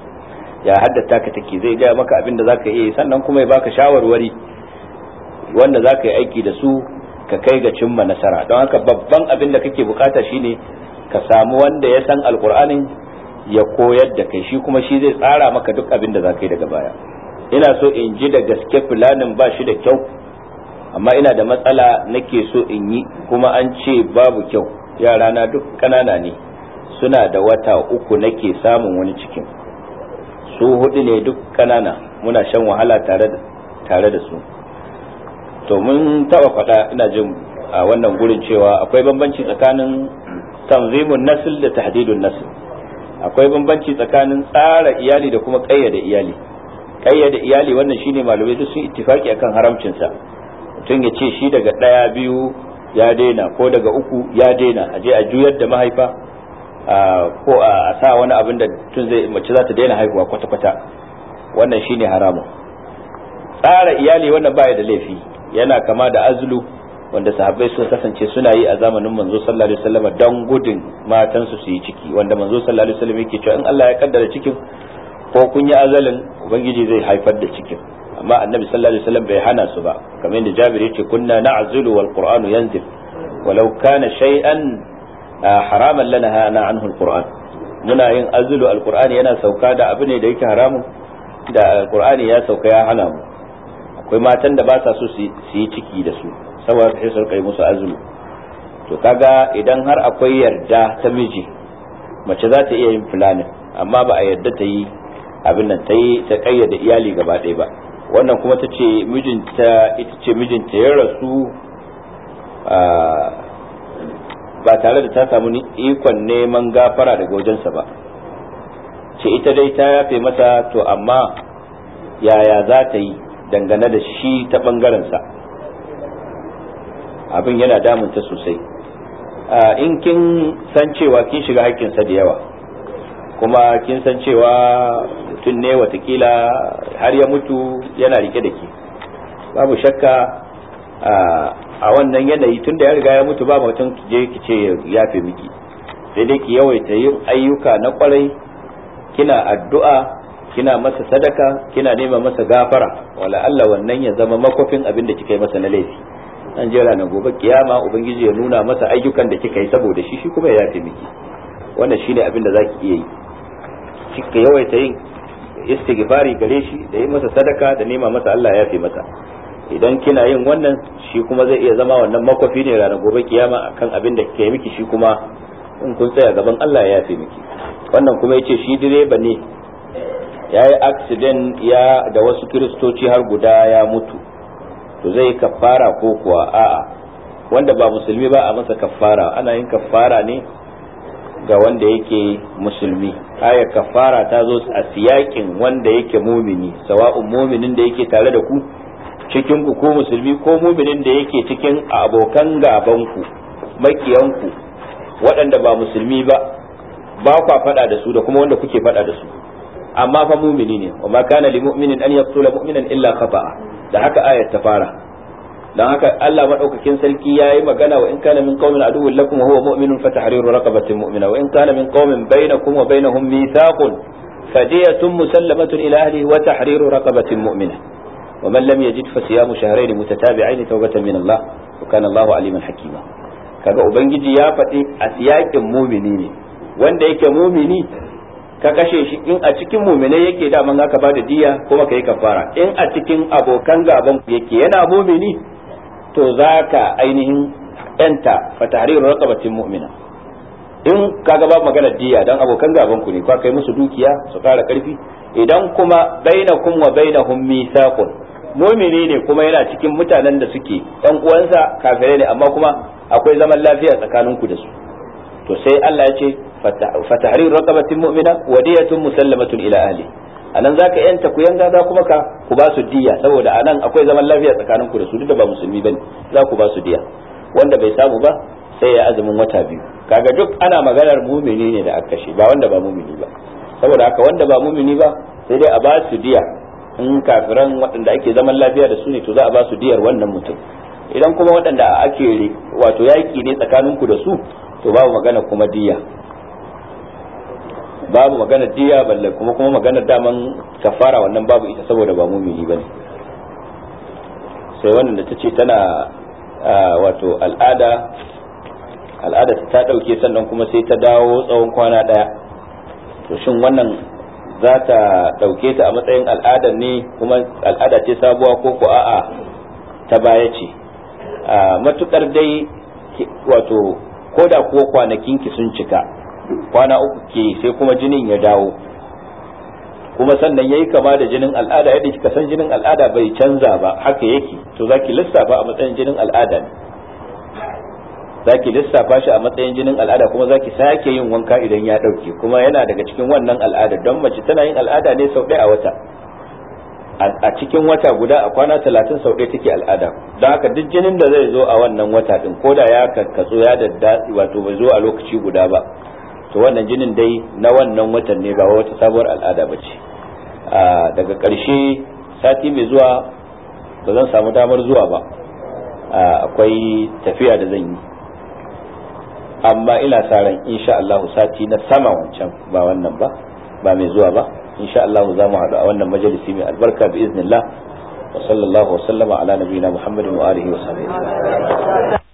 ya haddata ka take zai gaya maka abin da zaka iya sannan kuma ya baka shawarwari wanda zaka yi aiki da su ka kai ga cimma nasara don haka babban abin da kake bukata shine ka samu wanda ya san alkur'anin ya koyar da kai shi kuma shi zai tsara maka duk abin da za ka yi daga baya ina so in ji da gaske fulanin ba shi da kyau amma ina da matsala nake so in yi kuma an ce babu kyau yara na duk ƙanana ne suna da wata uku nake samun wani cikin su hudu ne duk ƙanana muna shan wahala tare da su to mun taba faɗa ina jin a wannan gurin cewa akwai bambanci tsakanin tanzimun nasl da tahdidun nasl akwai bambanci tsakanin tsara iyali da kuma ƙayyade iyali ƙayyade iyali wannan shine malamai duk sun ittifaki akan haramcin sa mutum ya ce shi daga ɗaya biyu ya daina ko daga uku ya daina aje a juyar da mahaifa ko a sa wani abin da tun zai mace za ta daina haihuwa kwata-kwata wannan shine haramun tsara iyali wannan baya da laifi yana kama da azulu wanda sahabbai suka kasance suna yi a zamanin manzo sallallahu alaihi wasallam don gudun matansu su yi ciki wanda manzo sallallahu alaihi wasallam yake cewa in Allah ya kaddara cikin ko kun yi azalin ubangiji zai haifar da cikin amma annabi sallallahu alaihi wasallam bai hana su ba kamar yadda Jabir yace kunna na'zulu wal qur'anu yanzil walau kana shay'an haraman lana hana anhu al qur'an muna yin azulu al qur'ani yana sauka da abu ne da yake haramu da al qur'ani ya sauka ya hana mu akwai matan da ba sa so su yi ciki da su saboda sai su kai musu azumi to kaga idan har akwai yarda ta miji mace za ta iya yin planning amma ba a yarda ta yi abin nan ta yi ta kayyade iyali gaba ɗaya ba wannan kuma ta ce mijinta ita ce mijinta ya rasu ba tare da ta samu ikon neman gafara daga wajensa ba ce ita dai ta yafe masa to amma yaya za ta yi dangane da shi ta ɓangarensa abin yana damun ta sosai in kin san cewa kin shiga haƙƙinsa da yawa kuma kin san cewa mutum ne watakila har ya mutu yana rike da ke babu shakka a wannan yanayi tun da ya riga ya mutu ba mutum ki je ki ce ya miki sai dai ki yawaita yin ayyuka na kwarai kina addu'a kina masa sadaka kina nema masa gafara wala Allah wannan ya zama makofin abin da kika yi masa na laifi an je ranar gobe kiyama ubangiji ya nuna masa ayyukan da kika yi saboda shi shi kuma ya yafe miki wannan shine abin da zaki iya yi kika yawaita yin istighfari gare shi da yi masa sadaka da nema masa Allah ya yafe masa idan kina yin wannan shi kuma zai iya zama wannan makofi ne ranar gobe kiyama akan abin da kike miki shi kuma in kun tsaya gaban Allah ya yafe miki wannan kuma yace shi direba ne ya yi accident ya da wasu kiristoci har guda ya mutu to zai yi kafara ko kuwa a'a wanda ba musulmi ba a masa kafara ana yin kafara ne ga wanda yake musulmi aya kafara ta zo a siyakin wanda yake mumini sawa'un muminin da yake tare da ku cikin ku ko musulmi ko muminin da yake cikin abokan gabanku makiyanku waɗanda ba musulmi ba ba kwa faɗa da su da kuma wanda kuke faɗa da su amma fa mumini ne wa ma kana li mu'minin an yaqtula mu'minan illa khata'a da haka ayat ta fara dan haka Allah madaukakin sarki yayi magana wa in kana min qaumin adu lakum wa huwa mu'minun fa tahriru raqabatin mu'mina wa in kana min qaumin bainakum wa bainahum mithaqun fadiyatun musallamatun ila ahlihi wa tahriru raqabatin mu'mina wa man lam yajid fa siyamu shahrayn mutatabi'ain tawbatan min Allah wa kana Allahu aliman hakima kaga ubangiji ya faɗi a siyakin mumini ne wanda yake mumini ka kashe shi in a cikin muminai yake da man ka ba da diya kuma ka yi kafara in a cikin abokan gaban yake yana mumini to za ka ainihin yanta fa tahriru raqabatin mu'mina in kaga gaba magana diya dan abokan gaban ku ne ka kai musu dukiya su fara karfi idan kuma bainakum wa bainahum mithaqun mu'mini ne kuma yana cikin mutanen da suke ɗan uwansa kafirai ne amma kuma akwai zaman lafiya tsakanin ku da su to sai Allah ya ce fatahrir raqabatin mu'mina wa diyatun musallamatun ila ahli anan zaka yanta ku yanga za kuma ka ku ba su diya saboda anan akwai zaman lafiya tsakanin ku da su da ba musulmi bane za ku ba su diya wanda bai samu ba sai ya azumin wata biyu kaga duk ana maganar mumini ne da akashi ba wanda ba mumini ba saboda haka wanda ba mumini ba sai dai a ba su diya in kafiran waɗanda ake zaman lafiya da su ne to za a ba su diyar wannan mutum idan kuma waɗanda ake wato yaƙi ne ku da su to babu magana kuma diya babu magana diya balle kuma kuma magana daman kafara wannan babu ita saboda ba mumini bane sai wannan da tace tana wato al'ada al'ada ta dauke sannan kuma sai ta dawo tsawon kwana daya to shin wannan za ta dauke ta a matsayin al'ada ne kuma al'ada ce sabuwa ko ko a'a ta baya ce matukar dai wato ko da kuwa kwanakin sun cika kwana uku ke sai kuma jinin ya dawo kuma sannan yayi kama da jinin al'ada yadda kika san jinin al'ada bai canza ba haka yake to zaki lissafa a matsayin jinin al'ada ne zaki lissafa shi a matsayin jinin al'ada kuma zaki sake yin wanka idan ya dauke kuma yana daga cikin wannan al'ada don mace tana yin al'ada ne sau ɗaya a wata a cikin wata guda a kwana talatin sau ɗaya take al'ada don haka duk jinin da zai zo a wannan wata din ko da ya karkatsu ya dadda wato bai zo a lokaci guda ba to wannan jinin dai na wannan watan ne ba wata sabuwar al'ada ba ce daga ƙarshe sati mai zuwa ba zan samu damar zuwa ba akwai tafiya da zan yi amma ina sa ran insha Allah sati na sama wancan ba wannan ba ba mai zuwa ba insha Allah za mu haɗu a wannan majalisi mai albarka bi iznillah wa sallallahu wa sallama ala nabiyina Muhammadin wa alihi wa sahbihi